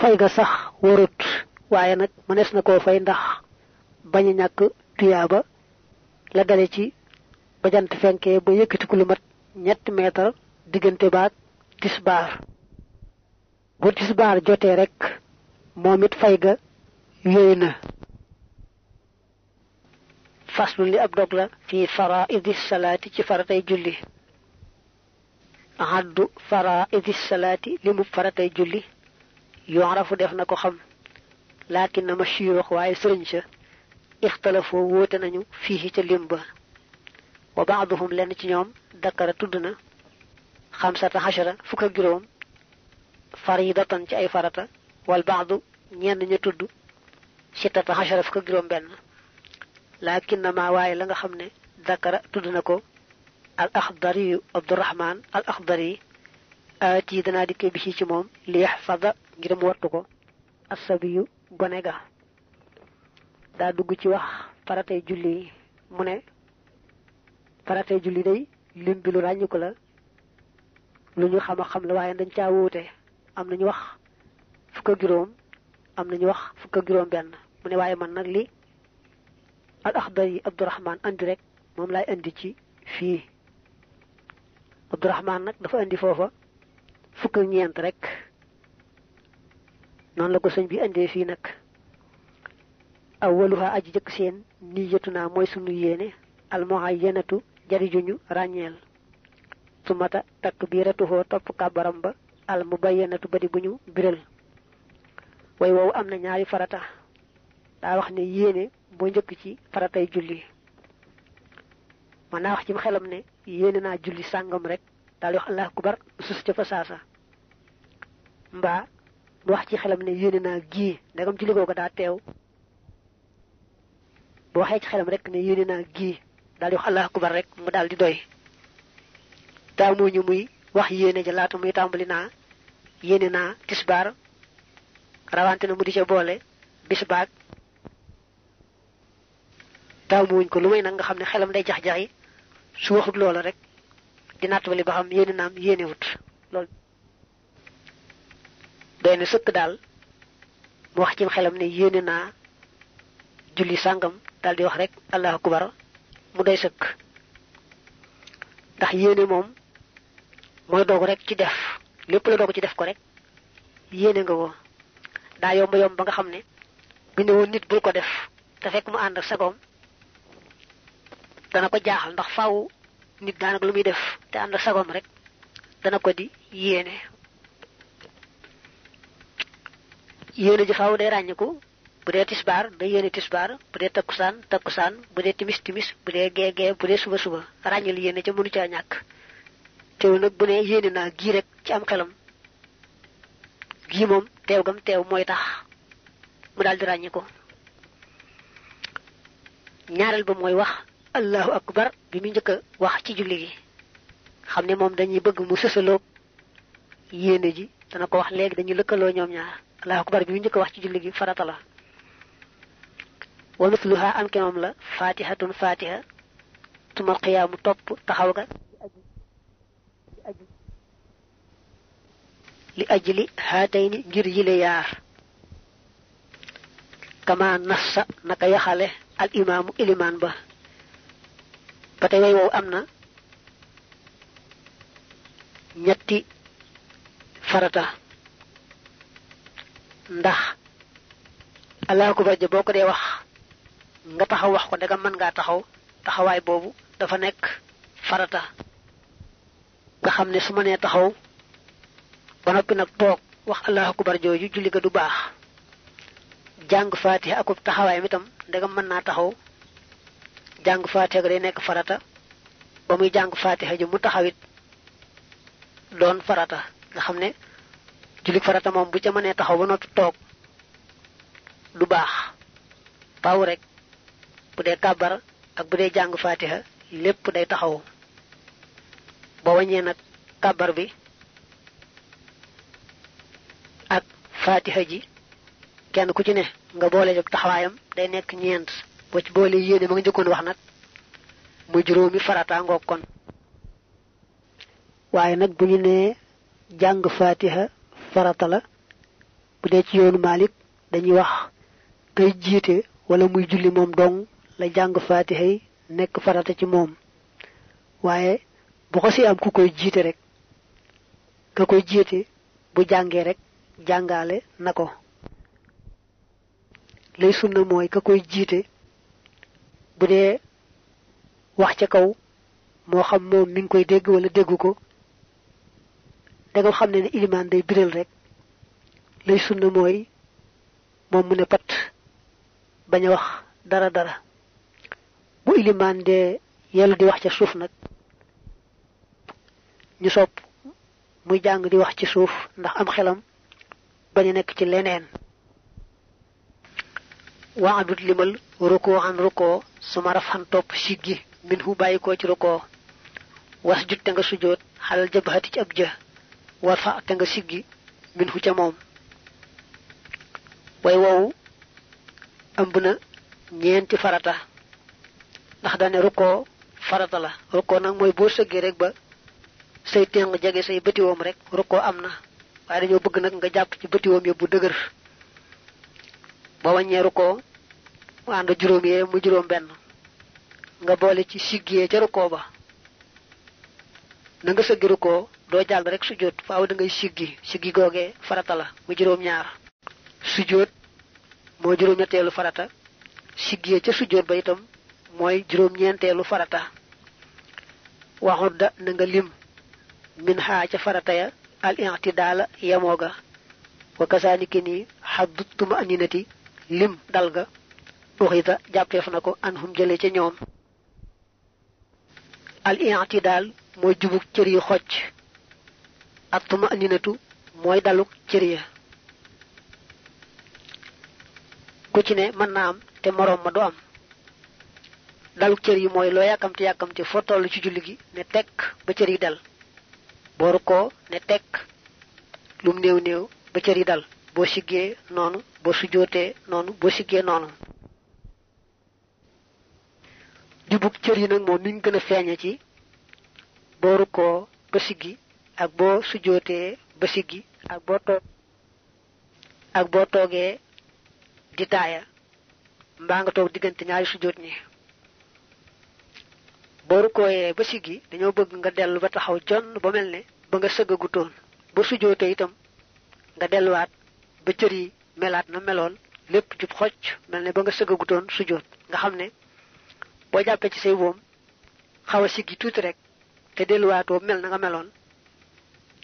fay ga sax warut waaye nag mënees na ko fay ndax bañ a ñàkk tuyaaba la dale ci ba jant fenkee ba yëkkatiku lu ñetti meetar diggante baag tisbaar bu tisbaar jotee rek moom it fay ga yooyu na faslu li ab dog la fii faraidi salaati ci faratay julli haddu faraidi salaati li faratay julli yorafu def na ko xam laakin na ma siyoox waaye sëriñ sa ixtalafoo wóote nañu fii ca lim ba wa baaduhum lenn ci ñoom dakara tudd na xamsata xachara fukk ak juróom faridatan ci ay farata wal baadu ñenn ña tudd sittata xasara fukk ak juróom benn laakin ma waaye la nga xam ne dakara tudd na ko al axdari yu abdurahman al axdari yi aati danaa dikkee bi ci moom li yaxfada ngir mu wattu ko asabiyu gone daa dugg ci wax faratay julli yi mu ne faratay julli day lim bi lu ràññiku la lu ñu xam xam la waaye dañ caa wuute am nañu wax fukk ak juróom am nañu wax fukk juróom benn mu ne waaye man nag li al axdar yi abdourahman andi rek moom laay indi ci fii abdourahman nag dafa indi foofa fukk ak ñeent rek noonu la ko sëñ bi andee fii nag awwaluha aji jëkk seen niyatu naa mooy sunu yéene almuhayyanatu jarijuñu ràññeel sumata takk biiratuhoo topp kàbbaram ba almubayyanatu badi bu ñu biral way woowu am na ñaari farata daa wax ne yéene boo njëkk ci faratay julli man naa wax ci xelam ne yéene naa julli sàngam rek daal di wax allah akbar sus ca fa saasa mbaa mu wax ci xelam ne yéene naa gii ndegam julli googu daa teew bu waxee ci xelam rek ne yéene naa gii daal di wax allah akbar rek mu daal di doy taamuñu muy wax yéene ja laata muy tàmbali naa yéene naa tisbaar rawante na mu di ca boole bis baag taamu wuñ ko lu may nag nga xam ne xelam day jax jaxi su waxut loola rek di nattali ba xam yéene naa yéene wut loolu doy na sëkk daal mu wax ci xelam ne yéene naa julli sàngam daal di wax rek allahu akbar mu doy sëkk ndax yéene moom mooy doog rek ci def lépp la doog ci def ko rek yéene nga ko daa yomb yomb ba nga xam ne bu nit bul ko def te fekk mu ànd ak sagoom dana ko jaaxal ndax faaw nit daanaka lu muy def te ànd ak sagoom rek dana ko di yéene yéene ji faw day ràññiku bu dee tisbaar day yéene tisbaar bu dee takkusaan takkusaan bu dee timis timis bu dee gee gee bu dee suba suba ràññil yéene ca mënu caa ñàkk teewul nag bu ne yéene naa gii rek ci am xelam gii moom teew gam teew mooy tax mu daal di ràññi ko ñaareel ba mooy wax allahu akbar bi mu njëkk a wax ci julli gi xam ne moom dañuy bëgg mu sësaloog yéene ji dana ko wax léegi dañuy lëkkaloo ñoom ñaar allahu akbar bi mu njëkk wax ci julli gi farata la wa mithluha am kemam la fatihatun fatiha tumal qiyaamu topp taxaw ga li ajli haatayni ngir yile yaar kama nassa naka yaxale al imaamu ilimaan ba ba tey way woowu am na ñetti farata ndax allahu akbar ja boo ko dee wax nga taxaw wax ko ndega mën ngaa taxaw taxawaay boobu dafa nekk farata nga xam ne su ma nee taxaw ba noppi nag toog wax allahu akbar jooju julli ga du baax jàng faatiha akub taxawaay mi tam ndegam mën naa taxaw jàng faatiha ga day nekk farata ba muy jàng faatiha ji mu taxawit doon farata nga xam ne julli farata moom bu ca mënee taxaw ba noppi toog du baax paw rek bu dee kàbbar ak bu dee jàng faatiha lépp day taxaw ba waññee nag kàbbar bi faatiha ji kenn ku ci ne nga boole jóg taxawaayam day nekk ñeent boo ci boole yéene ma nga njëkkoon wax nag muy juróomi farata ngoog kon waaye nag bu ñu nee jàng faatiha farata la bu dee ci yoonu Malik dañuy wax kay jiite wala muy julli moom dong la jàng faatiha yi nekk farata ci moom waaye bu am ku koy jiite rek ka koy jiite bu jàngee rek jàngale na ko lay sunna mooy ka koy jiite bu dee wax ca kaw moo xam moom mi ngi koy dégg wala déggu ko danga xam ne ne ilimaan day biral rek lay sunna mooy moom mu ne pat bañ a wax dara dara bu ilimaan dee yellu di wax ca suuf nag ñu sopp muy jàng di wax ca suuf ndax am xelam bañ a nekk ci leneen waadut limal rukkoo xan rukkoo suma rafan topp siggi min hu bàyyi ko ci rukkoo was jut te nga sujjóot xalal jabahati ci ab jë war fa te nga siggi min hu ca moom way woowu ëmb na ñeenti farata ndax daane rukkoo farata la rukkoo nag mooy boo sëggee rek ba say téng jege say bëtiwoom rek rukkoo am na waaye dañoo bëgg nag nga jàpp ci bëtiwoom yëpp bu dëgër ba wàññeeru ko mu ànd juróom yee mu juróom benn nga boole ci siggee ca rukkoo ba na nga sëggi rukkoo doo jàll rek sujjóot faaw da ngay siggi siggi googee farata la mu juróom ñaar sujjóot moo juróom ñetteelu farata siggee ca sujjóot ba itam mooy juróom ñeenteelu farata waxut da na lim min xaa ca farata ya al i'tidaala yemoo ga wa kasaaniki nii xaddu tuma'ninati lim dal ga uxita jàppeef na ko an hum jële ci ñoom al daal mooy jubug cër yi xocc at tuma'ninatu mooy daluk cër ya ku ci ne mën na am te moroom ma du am daluk cër yi mooy loo yàkkamti yàkkamti foo toll ci julli gi ne tekk ba cër yi dal boo rukkoo ne tekk lu néew néew ba cër yi dal boo siggee noonu boo sujjootee noonu boo siggee noonu jubug cër yi nag moom nuñ gën a feeñe ci boo rukkoo ba siggi ak boo sujjootee ba siggi ak boo toog ak boo toogee di taaya mbaa nga toog diggante ñaari sujjoot ñi boo rukkooyee ba siggi dañoo bëgg nga dellu ba taxaw jonn ba mel ne ba nga sëggagutoon ba sujjootee itam nga delluwaat ba cër yi melaat na meloon lépp jub xocc mel ne ba nga sëggagutoon sujjoot nga xam ne boo jàppee ci say woom xaw a siggi tuuti rek te delluwaatoo mel na nga meloon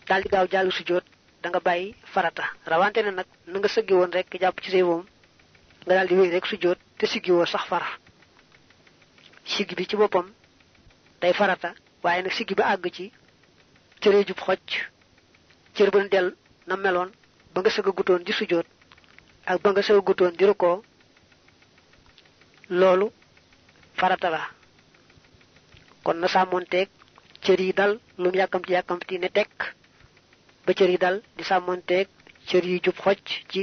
daal di gaaw jàll sujjoot da bàyyi farata rawante ne nag na nga sëggi woon rek jàpp ci say woom nga daal wéy rek sujjoot te siggi woo sax fara siggi bi ci boppam day farata waaye nag sikki ba àgg ci cëree jub xocc cër ba del na meloon ba nga sëgg a gutoon di sujjóot ak ba nga sëgg a gutoon di rukkoo loolu farata la kon na sàmmoonteeg cër yi dal lu mu yàkkamti yàkkamti ne tekk ba cër yi dal di sàmmoonteeg cër yi jub xocc ci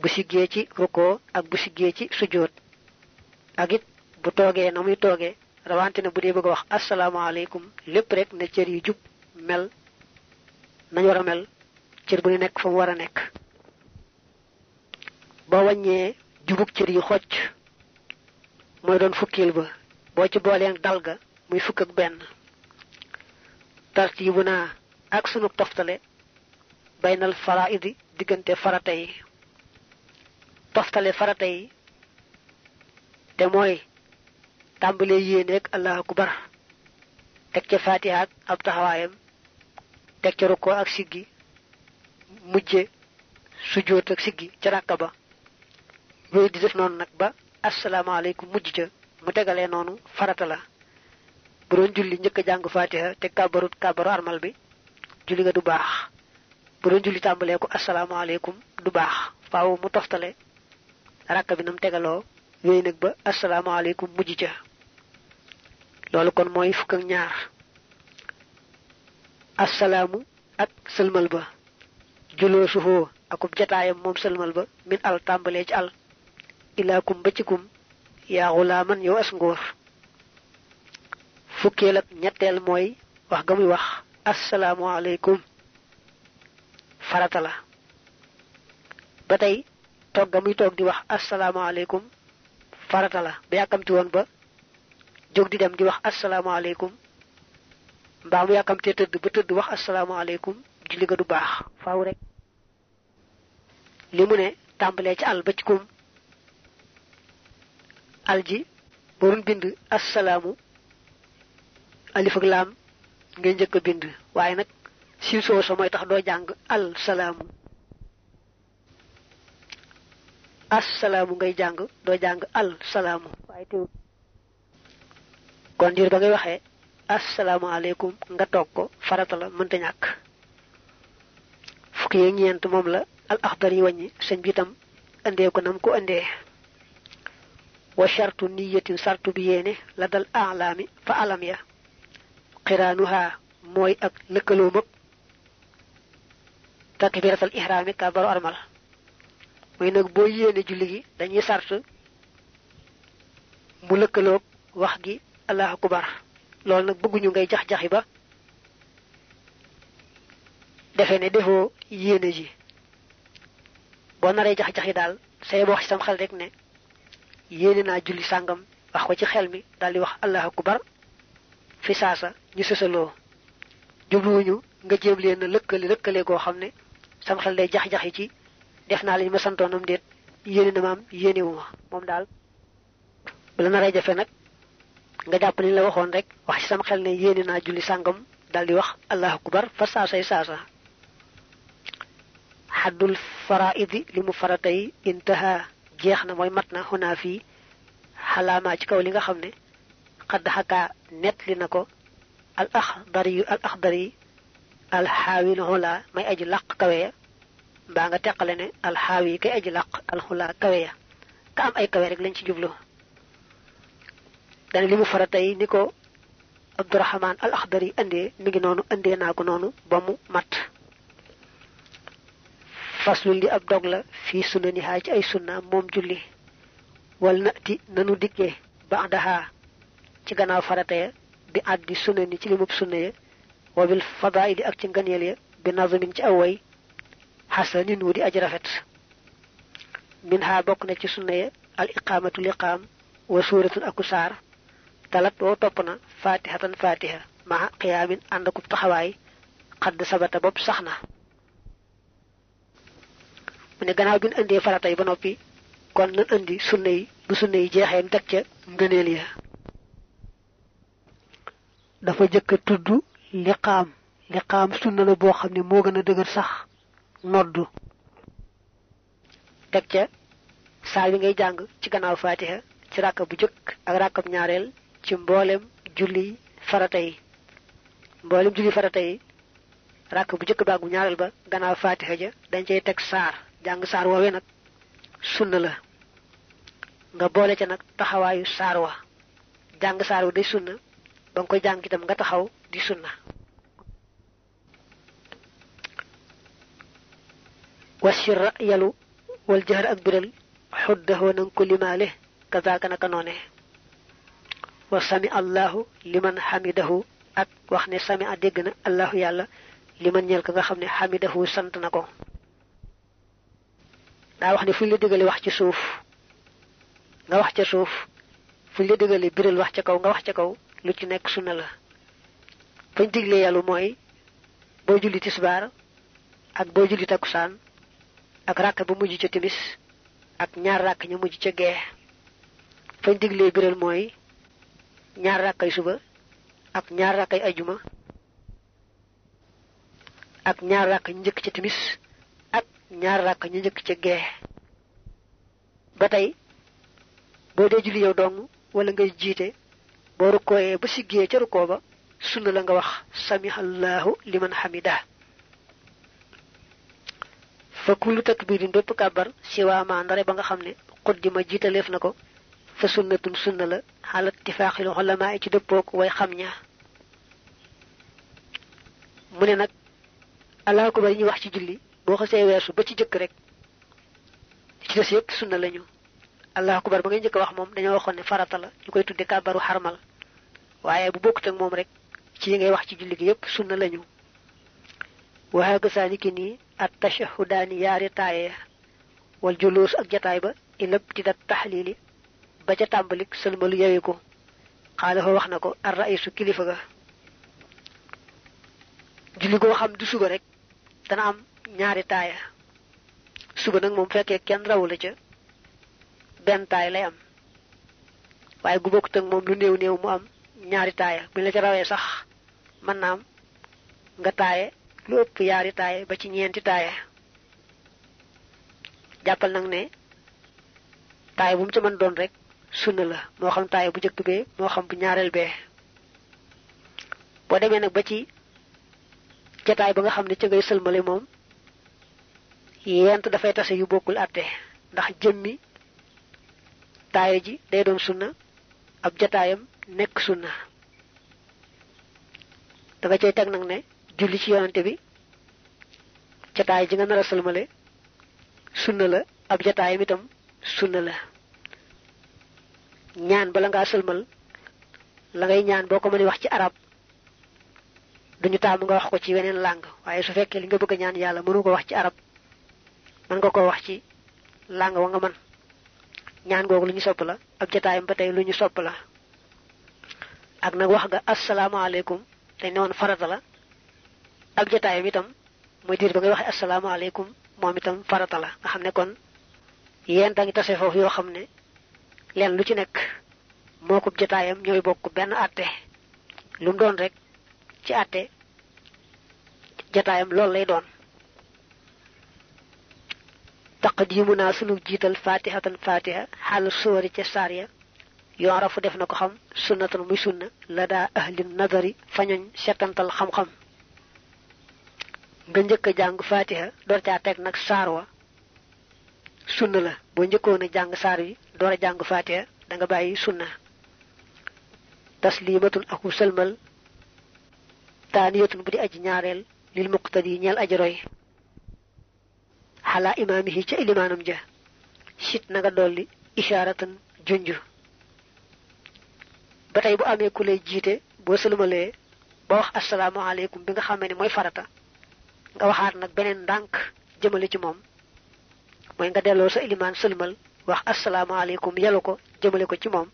bu siggee ci rukkoo ak bu siggee ci sujjóot ak bu toogee na muy toogee rawante ne bu dee bëgg a wax asalaamaaleykum lépp rek ne cër yu jub mel nañ war a mel cër bu ne nekk fa mu war a nekk boo wàññee jubug cër yu xocc mooy doon fukkeel ba boo ci booleen dalga muy fukk ak benn tartiibu naa ak sunu toftale baynal faraidi diggante farata yi toftale farata yi te mooy tàmbalee yéene ak allahu akbar teg ca fatiha ab taxawaayam teg ca rukkoo ak siggi mujje sujjóot ak siggi ca ràkka ba yooyu di def noonu nag ba asalaamaaleykum mujj ca mu tegalee noonu farata la bu julli njëkk a jàng fatiha te kàbbarut kàbbaru armal bi julli nga du baax bu julli tàmbalee ko asalaamaaleykum du baax faaw mu toftale rakk bi nam tegaloo wéy nag ba asalaamaaleykum mujj ca loolu kon mooy fukk ak ñaar assalaamu ak sëlmal ba juloosuhoo akub jataayam moom sëlmal ba min al tàmbalee ci al ilaakum ba ci kum yaa xulaaman yow as ngóor fukkeel ak ñetteel mooy wax ga muy wax assalaamu aleykum farata la ba tey toog ga muy toog di wax assalaamu aleykum farata la ba yàkkamti woon ba jóg di dem di wax asalaamaaleykum mbaa mu yàkkamtee tëdd ba tëdd wax asalaamaaleykum julli ga du baax faaw rek li mu ne tàmbalee ci al ba ci kum al ji boorun bind assalaamu alif ak ngay njëkk a bind waaye nag si soo sa mooy tax doo jàng al salaamu asalaamu ngay jàng doo jàng al salaamu waaye teewul kon diir ba ngay waxee asalaamaaleykum nga toog ko farata la mënta ñàkk fukki yeeg ñeent moom la al axdar yi wàññi bi itam indee ko nam ko indee wa shartu niyatin sartu bi yéene la dal alaami fa alam ya xiraanuha mooy ak lëkkaloo mëpp takbiratal ihraami kàbbaru armal mooy nag boo yéene julli gi dañuy sart mu lëkkaloog wax gi allahu akbar loolu nag bëgguñu ngay jax-jaxi ba defe ne defoo yéene ji boo naree jax-jaxi daal say wax ci sam xel rek ne yéene naa julli sàngam wax ko ci xel mi daal di wax allahu akbar fi saasa ñu sësaloo jubluwuñu nga jéem leen a lëkkale lëkkale goo xam ne sam xel day jax-jaxi ci def naa lañu ma santoonam déet yéene na maam yéene moom daal bala naree jafe nag nga jàpp li la waxoon rek wax ci sama xel ne yéene naa julli sàngam daal di wax allahu akbar fa saasay saasa xaddul faraidi li mu faratay intaha jeex na mooy mat na xunaa fii xalaamaa ci kaw li nga xam ne xadd xakaa nett li na ko al axdari yu al axdari alxaawi na xulaa may aji làq kawe ya mbaa nga teqale ne alxaawi kay aji làq alxulaa kawe ya ka am ay kawe rek lañ ci jublu dana li mu farata yi ni ko Abdurahman al Axdari indee mi ngi noonu indee naa ko noonu ba mu mat faslu li ab dog la fii sunanihaa ci ay sunna moom julli wal nati nanu dikkee baxdahaa ci gannaaw farata ya bi àddi sunani ci limub sunna ya wa bil fadaili ak ci ngëneel ya bi nazamin ci aw way xasanin wu di aj rafet min haa bokk na ci sunna ya al iqaamatu liqaam wa suuratun aku saar talat woo topp na fatihatan fatiha maa xiyaamin ànd taxawaay xadd sabata bopp sax na mu ne gannaaw bi indee farata yi ba noppi kon nan indi sunna yi bu sunna yi jeexee teg ca ngëneel ya dafa jëkk a tudd liqaam liqaam sunna la boo xam ne moo gën a dëgër sax noddu teg ca saa bi ngay jàng ci gannaaw fatiha ci ràkka bu jëkk ak ràkkab ñaareel ci mboolem julli farata yi mboolem julli farata yi ràkk bu njëkk ba ak bu ñaareel ba gannaaw faatixa ja dañ cay teg saar jàng saar woowee nag sunna la nga boole ca nag taxawaayu saar wa jàng saar wa day sunna ba nga koy jàng itam nga taxaw di sunna wasira yalu wal jëxër ak biral xuddaxoo nanga ko limaale kazaaka naka noone wa sami allahu liman xamidahu ak wax ne sami a dégg na allahu yàlla liman ñeel ko nga xam ne xamidahu sant na ko daa wax ne fu ñu la dégale wax ci suuf nga wax ca suuf fu ñu la dégale biral wax ca kaw nga wax ca kaw lu ci nekk sunna la fañ diglee yàlla mooy boo julli tisbaar ak boo julli takkusaan ak ràkk bu mujj ca timis ak ñaar ràkk ñu mujj ca gee fañ diglee biral mooy ñaar rakkay suba ak ñaar ay ajuma ak ñaar rakk ñu njëkk ca timis ak ñaar rakk ñu njëkk ca gee ba tey boo dee julli yow dong wala ngay jiite boo rukkooyee ba siggee ca rukkoo ba sunna la nga wax samihallahu liman hamida fa kullu takbirin bépp kàbbar siwaamaa ndare ba nga xam ne xuddi ma jiitaleef na ko fa sunnatun sunna la ala ittifaaxil ulamaa ci dëppook way xam ña mu ne nag allahu akbar yi ñuy wax ci julli boo xasee weesu ba ci jëkk rek ci des yëpp sunna lañu allahu akbar ba ngay njëkk wax moom dañoo waxoon ne farata la ñu koy tudde kàbbaru xarmal waaye bu bokkut ak moom rek ci yi ngay wax ci julli gi yëpp sunna lañu waxaaga saani ki nii at tashahudaani yaari taaye wal juluus ak jataay ba ilab tidat taxliili ba ca tàmbalik sëlmalu yeweeku xaala fa wax na ko ar raisu kilifa ga julli goo xam du suba rek dana am ñaari taaya suba nag moom fekkee kenn rawula ca benn taaya lay am waaye gu bokkut ak moom lu néew néew mu am ñaari taaya buñ la ca rawee sax mën na am nga taaye lu ëpp yaari taaye ba ci ñeenti taaye jàppal nag ne taaya bu mu ca mën doon rek sunna la moo xam taaya bu njëkk bee moo xam bu ñaareel bee boo demee nag ba ci jataay ba nga xam ne ca ngay sëlmale moom yent dafay tase yu bokkul àtte ndax jëmmi taaya ji day doon sunna ab jataayam nekk sunna da nga cay teg nag ne julli ci yonante bi jataay ji nga nar a sëlmale sunna la ab jataayam itam sunna la ñaan bala ngaa sëlmal la ngay ñaan boo ko mënee wax ci arab duñu taamu nga wax ko ci weneen langue waaye su fekkee li nga bëgg a ñaan yàlla mënu ko wax ci arab mën nga ko wax ci làng wa nga mën ñaan googu lu ñu sopp la ab jataayam ba tey lu ñu sopp la ak nag wax nga asalaamaaleykum dañ ne woon farata la ab jataayam itam muy diir ba ngay waxee asalaamaaleykum moom itam farata la nga xam ne kon yéen da tase foofu yoo xam ne leen lu ci nekk moo ko jotaayam ñooy bokk benn àtte lu doon rek ci àtte jataayam loolu lay doon taq taqdimu naa sunu jiital fatihatan fatiha xaal suwari ca saar ya yoon rafu def na ko xam sunnatan muy sunna la daa ahli nazari fañoñ setantal xam-xam nga njëkk a jàng fatiha door nag saar wa sunna la boo njëkkoon a jàng saar wi door a jàng faatiha da nga bàyyi sunna taslimatun aku sëlmal taaniyatun bu di aji ñaareel lil muqtadi ñeel aji roy xalaa imaamihi ca ilimaanam ja sit na nga dolli ishaaratan junju ba tey bu amee ku lay jiite boo sëlmalee boo wax asalaamaaleykum bi nga xamee ne mooy farata nga waxaat nag beneen ndànk jëmale ci moom mooy nga delloo sa ilimaan sëlmal wax asalaamaaleykum yalu ko jëmale ko ci moom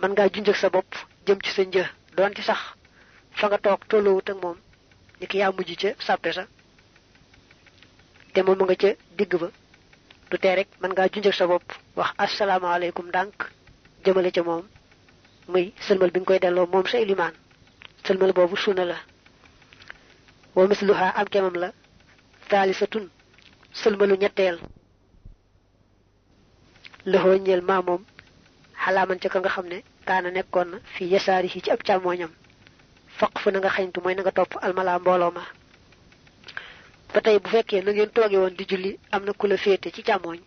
mën ngaa junjëg sa bopp jëm ci sa një doonte sax fa nga toog tolloowut ak moom ni ki yaa mujj ca sàppe sa te moom ma nga ca digg ba du tee rek mën ngaa junjëg sa bopp wax asalaamaaleykum ndànk jëmale ca moom muy sëlmal bi nga koy delloo moom sa ilimaan sëlmal boobu sunna la wa misluha am kemam la taalisatun sëlmalu ñetteel loxoo ñeel maa moom xalaaman ca ka nga xam ne kaana nekkoon na fi yasaari yi ci ab càmmooñam faq fu na nga mooy na topp almala mbooloo ma ba tey bu fekkee na ngeen tooge woon di julli am na ku la féete ci càmmooñ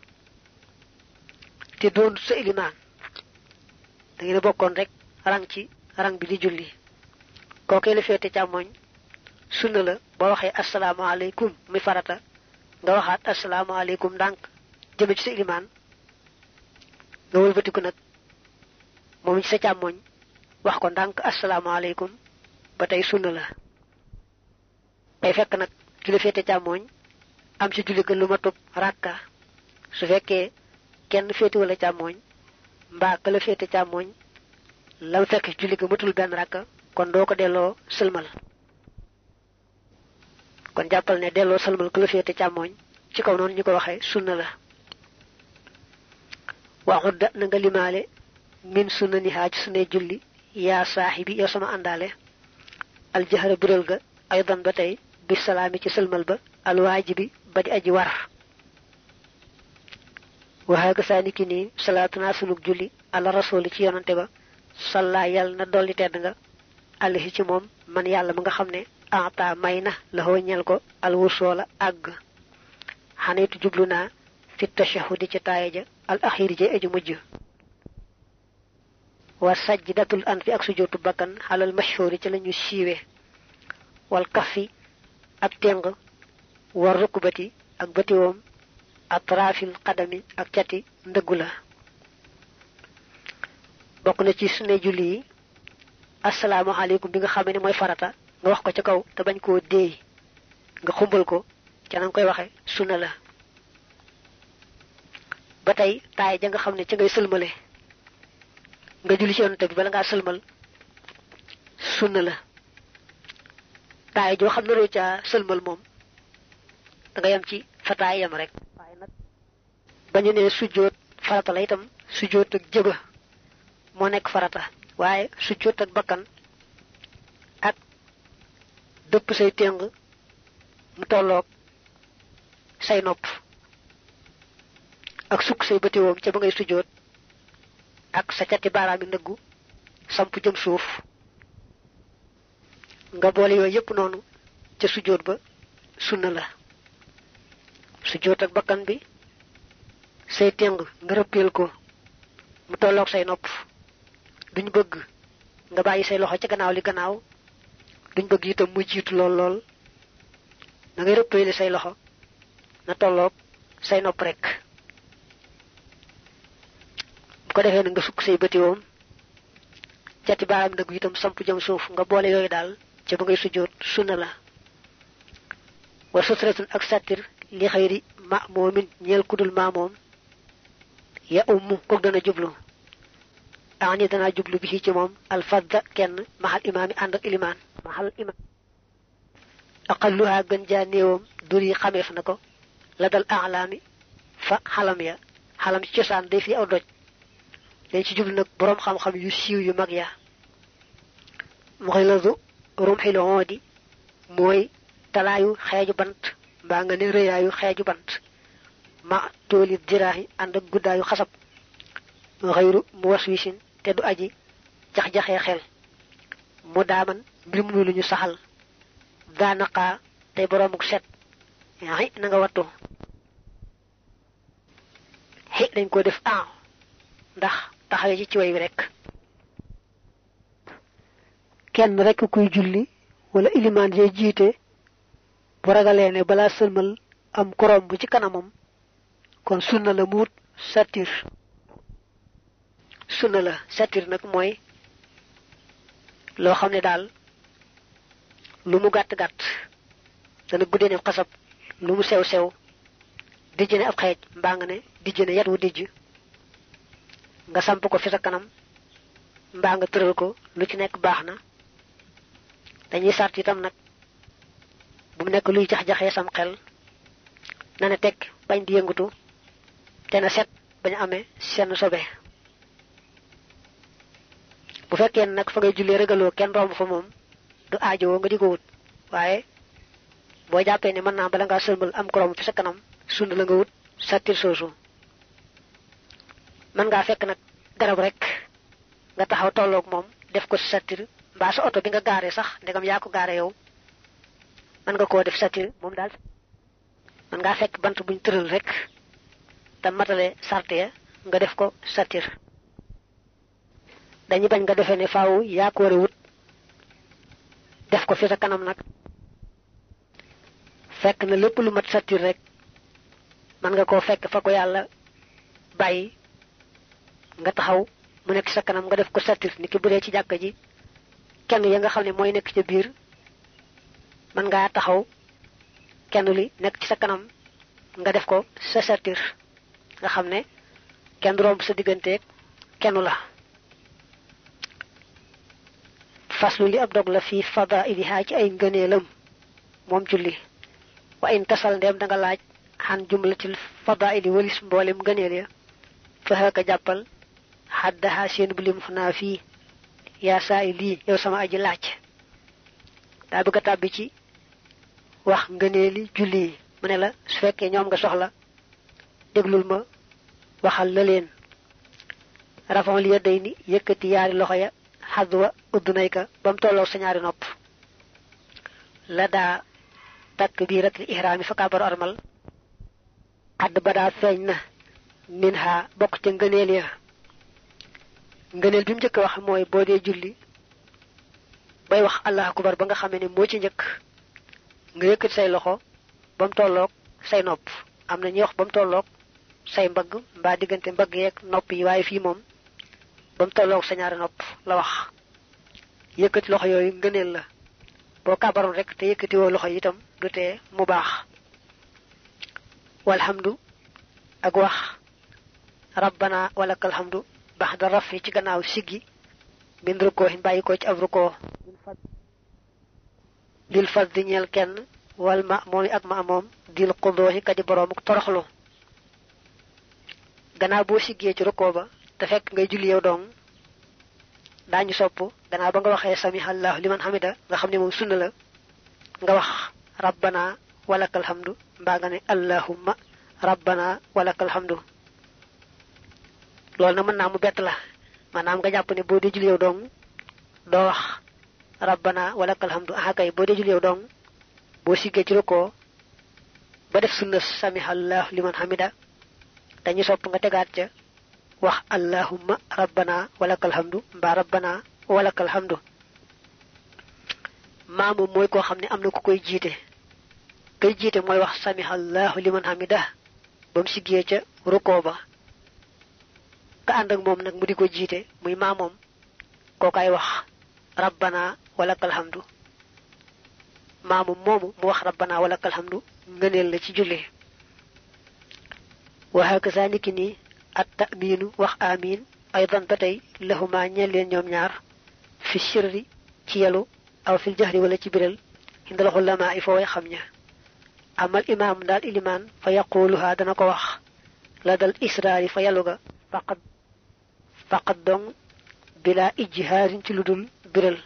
te doon sa ilimaan da bokkoon rek rang ci rang bi di julli kookee la féete càmmooñ sunna la boo waxee asalaamaaleykum mi farata nga waxaat asalaamaaleykum ndànk jëme ci sa ilimaan nga wëlbatiku nag moom ci sa càmmoñ wax ko ndànk asalaamaaleykum ba tey sunna la day fekk nag ki la féete càmmoñ am ci julli ga lu ma tub ràkka su fekkee kenn féete wala càmmoñ mbaa ka la féete càmmoñ la mu fekk ci julli ga matul benn ràkka kon doo ko delloo sëlmal kon jàppal ne delloo salmal ku la féete ci kaw noonu ñu ko waxee sunna la waxudda na nga limaale min sunna ni ci sunnay julli yaa saaxibi yow sama àndaale aljahra biral ga aydan ba tey bi salaami ci sëlmal ba alwaajibi ba di aji war waxaaga saani ki nii salaatunaa sunug julli ala rasooli ci yonante ba sallaa yàlla na dolli tedd nga àllahi ci moom man yàlla ma nga xam ne ata may na la ñel ko alwusoola àgg xanitu jublu naa fi tashahudi ca taaya ja al axiri ja aju mujj wa sajdatul an fi ak sujootu bakkan xalal mashhuri ca la siiwe wal kaffi ak téng war rukbati ak batiwoom atraafil xadami ak cati ndëggu la bokk na ci sunne julli yi asalaamaaleykum bi nga xam ne mooy farata nga wax ko ca kaw te bañ koo déey nga xumbal ko ca na nga koy waxe sunna la ba tey taay ja nga xam ne ca ngay sëlmale nga julli ci yonante bi bala ngaa sëlmal sunna la taay joo xam ne roo ca sëlmal moom danga nga yem ci fa taay rek waaye nag ba ñu ne sujjóot farata la itam sujjóot ak jëba moo nekk farata waaye sujjóot ak bakkan dëpp say téng mu tolloog say nopp ak sukk say bëtiwoom ca ba ngay sujjóot ak sa cati baaraami ndëggu samp jëm suuf nga boole yooyu yépp noonu ca sujjóot ba sunna la sujjóot ak bakkan bi say téng nga rëppeel ko mu tolloog say nopp duñ bëgg nga bàyyi say loxo ca gannaaw li gannaaw duñ bëgg itam muy jiitu lool lool da ngay say loxo na tolloog say nopp rek bu ko defee nag nga sukk say bëti woom cati baaraam nag itam samp jëm suuf nga boole yooyu daal ca ba ngay sujjoot sunna la wa sutratun ak sattir li xëyri ma moomin ñeel kudul ma moom ya umm kook dana jublu ani danaa jublu bi ci moom alfadda kenn maxal imaam yi ànd ilimaan saxal imaam aqalluha gën jaa néewam duri xameef na ko la alaami fa xalam ya xalam ci cosaan day fi aw doj dañ ci jublu nag boroom xam-xam yu siiw yu mag ya muxiladu rumxil hoodi mooy talaayu xeeju bant mbaa nga ne rëyaayu xeeju bant ma tooli jiraahi ànd guddaayu xasab xëyru mu was wisin te du aji jax-jaxee xel mu daaman mbir muy lu ñu saxal daanaka tey boroomuk set yaa na wattu xi dañ koo def an ndax taxawee ci ci way wi rekk kenn rekk kuy julli wala ilimaan jee jiite bu ragalee ne balaa sëlmal am korom bu ci kanamam kon sunna la muut satir sunna la satir nag mooy loo xam ne daal lu mu gàtt gàtt dana guddee ne xasab lu mu sew sew dijj ne ab xeej mbaa nga ne dijj ne yat wu dijj nga samp ko fi sa kanam mbaa nga tëral ko lu ci nekk baax na dañuy sart itam nag bu nekk luy jax-jaxee sam xel na ne teg bañ di yëngatu te na set bañ amee seen sobe bu fekkee nag fa ngay jullee regaloo kenn romb fa moom du aajowoo nga di ko wut waaye boo jàppee ne mën naa bala ngaa sëlmal am korom fi sa kanam sund la nga wut sattir soosu mën ngaa fekk nag garab rek nga taxaw tolloog moom def ko sattir mbaa sa oto bi nga gaaree sax ndegam yaa ko gaaree yow mën nga koo def sattir moom daal mën ngaa fekk bant buñ tëral rek te matale sarte nga def ko sattir dañu bañ nga defee ne faaw yaa ko wut def ko fi sa kanam nag fekk na lépp lu mat sattur rek mën nga ko fekk fa ko yàlla bàyyi nga taxaw mu nekk sa kanam nga def ko sattur ni ki bu dee ci jàkka ji kenn ya nga xam ne mooy nekk ca biir mën ngaa taxaw kenn li nekk ci sa kanam nga def ko sa sattur nga xam ne kenn romb sa digganteeg kenn la faslu li ab dog la fii fadailiha ci ay ngëneelam moom julli wa in tasal ndeem da laaj xan jumlatil fadaili walis mboolem ngëneel ya fexe ko jàppal xaddaha seen bu mu ne la su fekkee ñoom nga soxla déglul ma waxal la leen rafon li ya day ni yëkkati yaari loxo ya xadwa uddunayka ba mu tolloog sa ñaari nopp la daa takk bii rek li ihraam yi fa kàbbaru armal xadd ba daa feeñ na min ha bokk ca ngëneel ya ngëneel bi mu wax mooy boo dee julli bay wax allah akubar ba nga xamee ni moo ci njëkk nga yëkkati say loxo ba tollook say nopp am na ñuy wax ba tollook say mbagg mbaa diggante mbagg yeeg nopp yi waaye fii moom ba mu tolloog sa ñaari nopp la wax yëkkati loxo yooyu ngëneel la boo kàbbaroon rek te yëkkati loxo yi itam du tee mu baax walhamdu ak wax rabbana walakal hamdu baxda raf yi ci gannaaw siggi min rukkoo hin bàyyi ko ci ab rukkoo dil fas di ñeel kenn wal ma moom ak ma moom dil xudoo hi kadi boroom ak gannaaw boo siggee ci rukkoo ba te fekk ngay julli yow dong daañu sopp gannaaw ba nga waxee samihallahu liman hamida nga xam ne moom sunna la nga wax rabbana walakal hamdu mbaa nga ne allahumma rabbana walakal hamdu loolu na mën naa mu bett la maanaam nga jàpp ne boo dee jul yow dong doo wax rabbana walakal hamdu boo dee jul yow dong boo siggee ci rukkoo ba def sunna samihallahu liman hamida dañu sopp nga tegaat ca wax allahumma rabbana walakal hamdu mbaa rabbana walakal hamdu maamu mooy koo xam ne am na ku koy jiite koy jiite mooy wax samiha allahu liman hamidah ba mu siggee ca rukkoo ba ka ànd ak moom nag mu di ko jiite muy maamoom kookaay wax rabbana walakal hamdu maamu moomu mu wax rabbana walakal hamdu ngëneel la ci julli waxee ko saa niki nii at ta'miinu wax amiin aydan ba tey lahuma ñeel ñoom ñaar fi sirri ci yelu aw fil jahri wala ci biral indal xulamaa i fa way xam ña amal imaam daal ilimaan fa yaquluha dana ko wax la dal israari fa yelu ga faqat faqat dong bila ijhaarin ci lu dul biral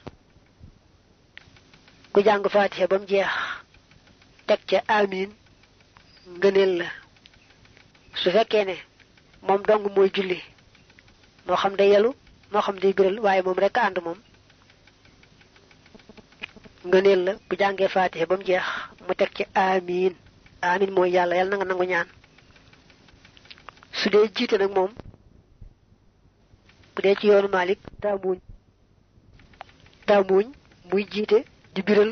ku jàng faatiha ba mu jeex teg ca amiin ngëneel la su fekkee ne moom dong mooy julli moo xam day yelu moo xam day biral waaye moom rekk ànd moom ngëneel la bu jàngee faatiha ba mu jeex mu teg ci amin amin mooy yàlla yàlla na nga nangu ñaan su dee jiite nag moom bu dee ci yoonu Malik taamuñ taamuñ muy jiite di biral